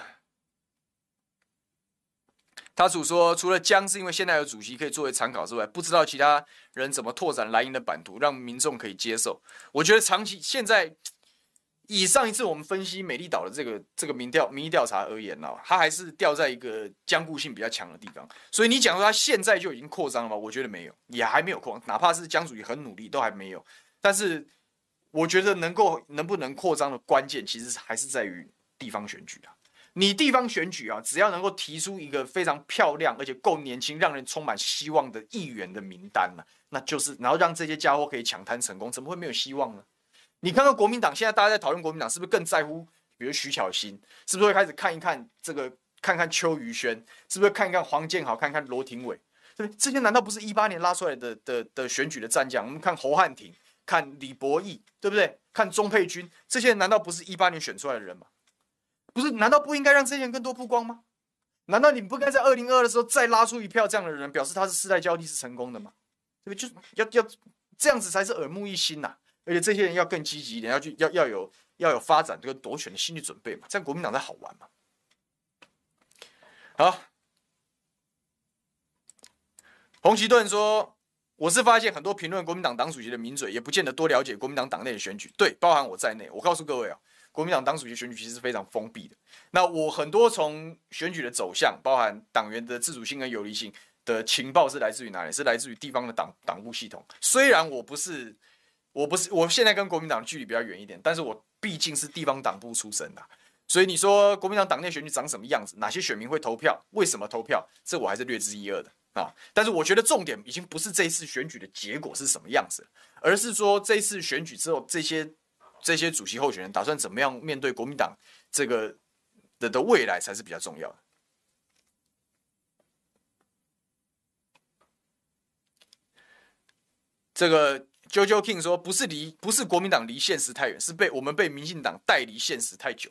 他主說，除了江是因為現在有主席可以作為參考之外，不知道其他人怎麼拓展藍營的版圖，讓民眾可以接受。我覺得長期現在。以上一次我們分析美麗島的這個這個民調民意調查而言呢、啊，它還是掉在一個僵固性比較強的地方。所以你講說它現在就已經擴張了嗎？我覺得沒有，也還沒有擴。哪怕是江主席很努力，都還沒有。但是我覺得能夠能不能擴張的關鍵，其實還是在於地方選舉啊。你地方選舉啊，只要能夠提出一個非常漂亮而且夠年輕、讓人充滿希望的議員的名單呢、啊，那就是然後讓這些家伙可以搶灘成功，怎麼會沒有希望呢？你看看國民黨現在，大家在討論國民黨，是不是更在乎？比如徐巧芯，是不是會開始看一看這個？看看邱於軒，是不是看一看黃建豪？看看羅廷瑋，對，這些難道不是一八年拉出來的的的、的選舉的戰將？我們看侯漢廷，看李博毅，對不對？看鍾沛君，這些人難道不是一八年選出來的人嗎？不是，難道不應該讓這些人更多曝光嗎？難道你不該在二零二二的時候再拉出一票這樣的人，表示他是世代交替是成功的嗎？對，對就是要要這樣子才是耳目一新吶、啊。而且這些人要更積極一點，要去要要有要有發展這個奪權的心理準備嘛，這樣國民黨才好玩嘛。好，洪其頓說：“我是發現很多評論國民黨黨主席的名嘴，也不見得多了解國民黨黨內的選舉。對，包含我在內，我告訴各位啊，國民黨黨主席選舉其實是非常封閉的。那我很多從選舉的走向，包含黨員的自主性跟遊離性的情報是來自於哪裡？是來自於地方的黨黨務系統。雖然我不是。”我不是，我現在跟國民黨距離比較遠一點，但是我畢竟是地方黨部出身的，所以你說國民黨黨內選舉長什麼樣子，哪些選民會投票，為什麼投票，這我還是略知一二的啊。但是我覺得重點已經不是這一次選舉的結果是什麼樣子，而是說這一次選舉之後，這些這些主席候選人打算怎麼樣面對國民黨這個的的未來才是比較重要的，這個。JoJo King 說：“不是離，不是國民黨離現實太遠，是被我們被民進黨帶離現實太久。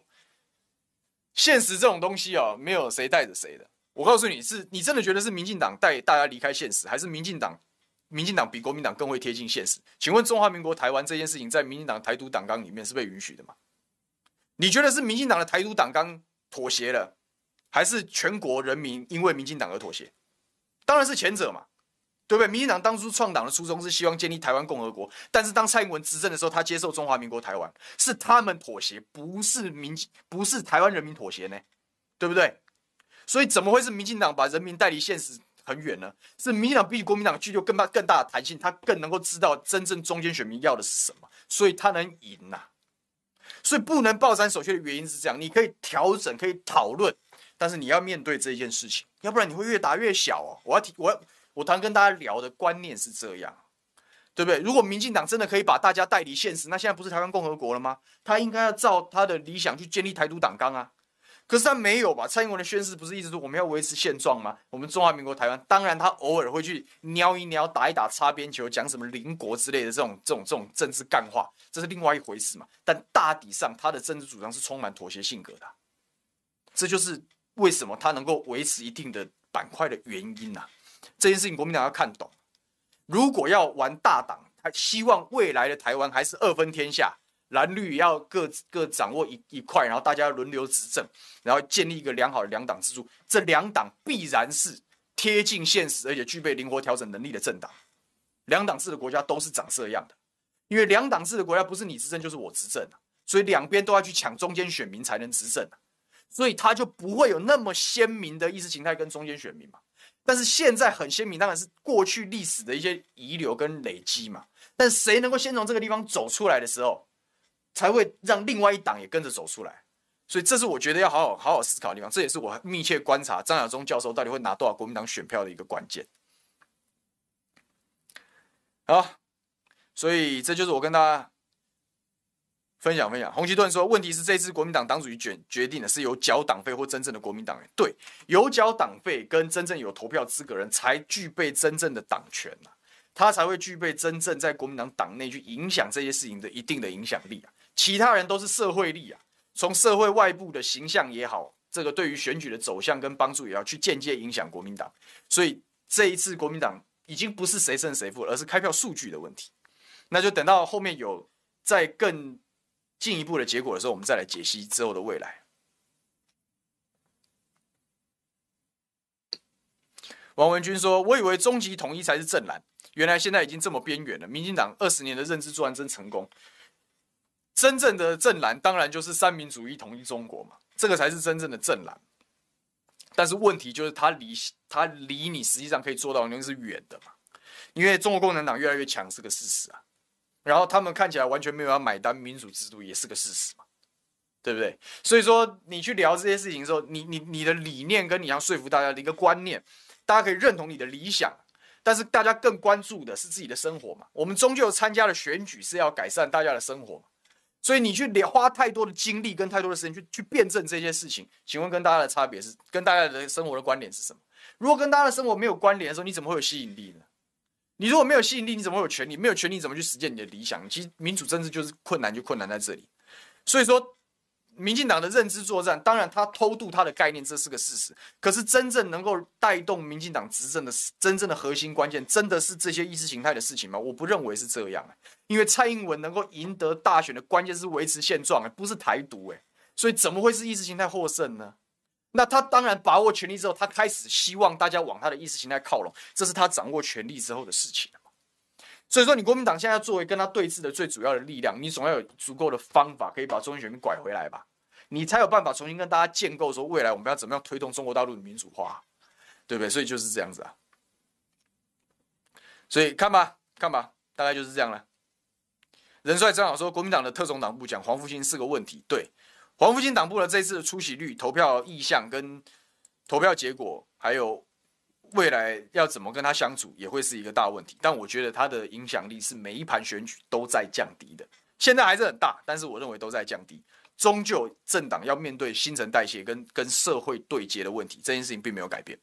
現實這種東西哦，沒有誰帶着誰的。我告訴你是，你真的覺得是民進黨帶大家離開現實，還是民進黨民進黨比國民黨更會貼近現實？請問中華民國台灣這件事情，在民進黨台獨黨綱裡面是被允許的嗎？你覺得是民進黨的台獨黨綱妥協了，還是全國人民因為民進黨而妥協？當然是前者嘛。”對不對？民進黨當初創黨的初衷是希望建立台灣共和國，但是當蔡英文執政的時候，他接受中華民國台灣，是他們妥協，不是民不是台灣人民妥協呢，對不對？所以怎麼會是民進黨把人民帶離現實很遠呢？是民進黨比國民黨具有更大更大的彈性，他更能夠知道真正中間選民要的是什麼，所以他能贏吶、啊。所以不能抱殘守缺的原因是這樣，你可以調整，可以討論，但是你要面對這件事情，要不然你會越打越小哦、啊。我要提，我要。我常跟大家聊的觀念是這樣，對不對？如果民進黨真的可以把大家帶離現實，那現在不是台灣共和國了嗎？他應該要照他的理想去建立台獨黨綱啊。可是他沒有吧？蔡英文的宣誓不是一直說我們要維持現狀嗎？我們中華民國台灣，當然他偶爾會去瞄一瞄、打一打擦邊球，講什麼鄰國之類的這種、這種、這種政治幹話，這是另外一回事嘛。但大體上，他的政治主張是充滿妥協性格的、啊，這就是為什麼他能夠維持一定的板塊的原因吶、啊。這件事情國民黨要看懂，如果要玩大黨，他希望未來的台灣還是二分天下，藍綠也要各各掌握一一塊，然後大家輪流執政，然後建立一個良好的兩黨制度。這兩黨必然是貼近現實，而且具備靈活調整能力的政黨。兩黨制的國家都是長這樣的，因為兩黨制的國家不是你執政就是我執政啊，所以兩邊都要去搶中間選民才能執政啊，所以他就不會有那麼鮮明的意識形態跟中間選民嘛。但是現在很鮮明，當然是過去歷史的一些遺留跟累積嘛。但誰能夠先從這個地方走出來的時候，才會讓另外一黨也跟着走出來。所以這是我覺得要好好好好思考的地方，這也是我密切觀察張亞中教授到底會拿多少國民黨選票的一個關鍵。好，所以這就是我跟大家。分享分享，紅旗盾說，問題是這次國民黨黨主席決決定的是由繳黨費或真正的國民黨員對，有繳黨費跟真正有投票資格的人才具備真正的黨權啊，他才會具備真正在國民黨黨內去影響這些事情的一定的影響力啊，其他人都是社會力啊，從社會外部的形象也好，這個對於選舉的走向跟幫助也要去間接影響國民黨，所以這一次國民黨已經不是誰勝誰負，而是開票數據的問題，那就等到後面有再更進一步的結果的時候，我們再來解析之後的未來。王文君說：“我以為終極統一才是正藍，原來現在已經這麼邊緣了。民進黨二十年的認知作戰真成功。真正的正藍當然就是三民主義統一中國嘛，這個才是真正的正藍。但是問題就是，他離它離你實際上可以做到的為是遠的嘛，因為中國共產黨越來越強是個事實啊。”然後他們看起來完全沒有要買單，民主制度也是個事實嘛，對不對？所以說你去聊這些事情的時候，你你你的理念跟你要說服大家的一個觀念，大家可以認同你的理想，但是大家更關注的是自己的生活嘛。我們終究參加的選舉，是要改善大家的生活嘛。所以你去聊花太多的精力跟太多的時間去去辯證這些事情，請問跟大家的差別是跟大家的生活的關聯是什麼？如果跟大家的生活沒有關聯的時候，你怎麼會有吸引力呢？你如果沒有吸引力，你怎麼會有權力？沒有權力怎麼去實現你的理想？其實民主政治就是困難，就困難在這裡。所以說，民進黨的認知作戰，當然他偷渡他的概念，這是個事實。可是真正能夠帶動民進黨執政的真正的核心關鍵，真的是這些意識形態的事情嗎？我不認為是這樣、欸。因為蔡英文能夠贏得大選的關鍵是維持現狀、欸，而不是台獨、欸，所以怎麼會是意識形態獲勝呢？那他當然把握權力之後，他開始希望大家往他的意識形態靠攏，這是他掌握權力之後的事情啊。所以說，你國民黨現在要作為跟他對峙的最主要的力量，你總要有足夠的方法可以把中興選民拐回來吧？你才有辦法重新跟大家建構說未來我們要怎麼樣推動中國大陸的民主化，對不對？所以就是這樣子啊。所以看吧，看吧，大概就是這樣了。任帥正好說，國民黨的特種黨部講黃復興是個問題，對。黃復興黨部的這次的出席率、投票意向跟投票結果，還有未來要怎麼跟他相處，也會是一個大問題。但我覺得他的影響力是每一盤選舉都在降低的。現在還是很大，但是我認為都在降低。終究政黨要面對新陳代謝跟跟社會對接的問題，這件事情並沒有改變。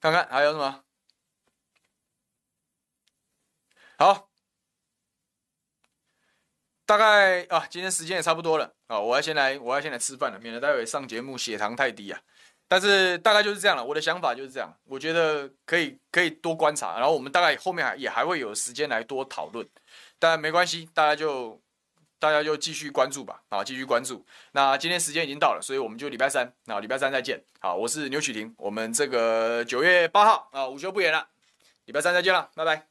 看看還有什麼？好。大概啊，今天時間也差不多了啊，我要先來，我要先來吃飯了，免得待會上節目血糖太低啊。但是大概就是這樣了，我的想法就是這樣，我覺得可以可以多觀察，然後我們大概後面還也還會有時間來多討論，但沒關係，大家就大家就繼續關注吧啊，繼續關注。那今天時間已經到了，所以我們就禮拜三，啊，禮拜三再見。好，啊，我是牛曲婷，我們這個九月八號啊，午休不遠了，禮拜三再見了，拜拜。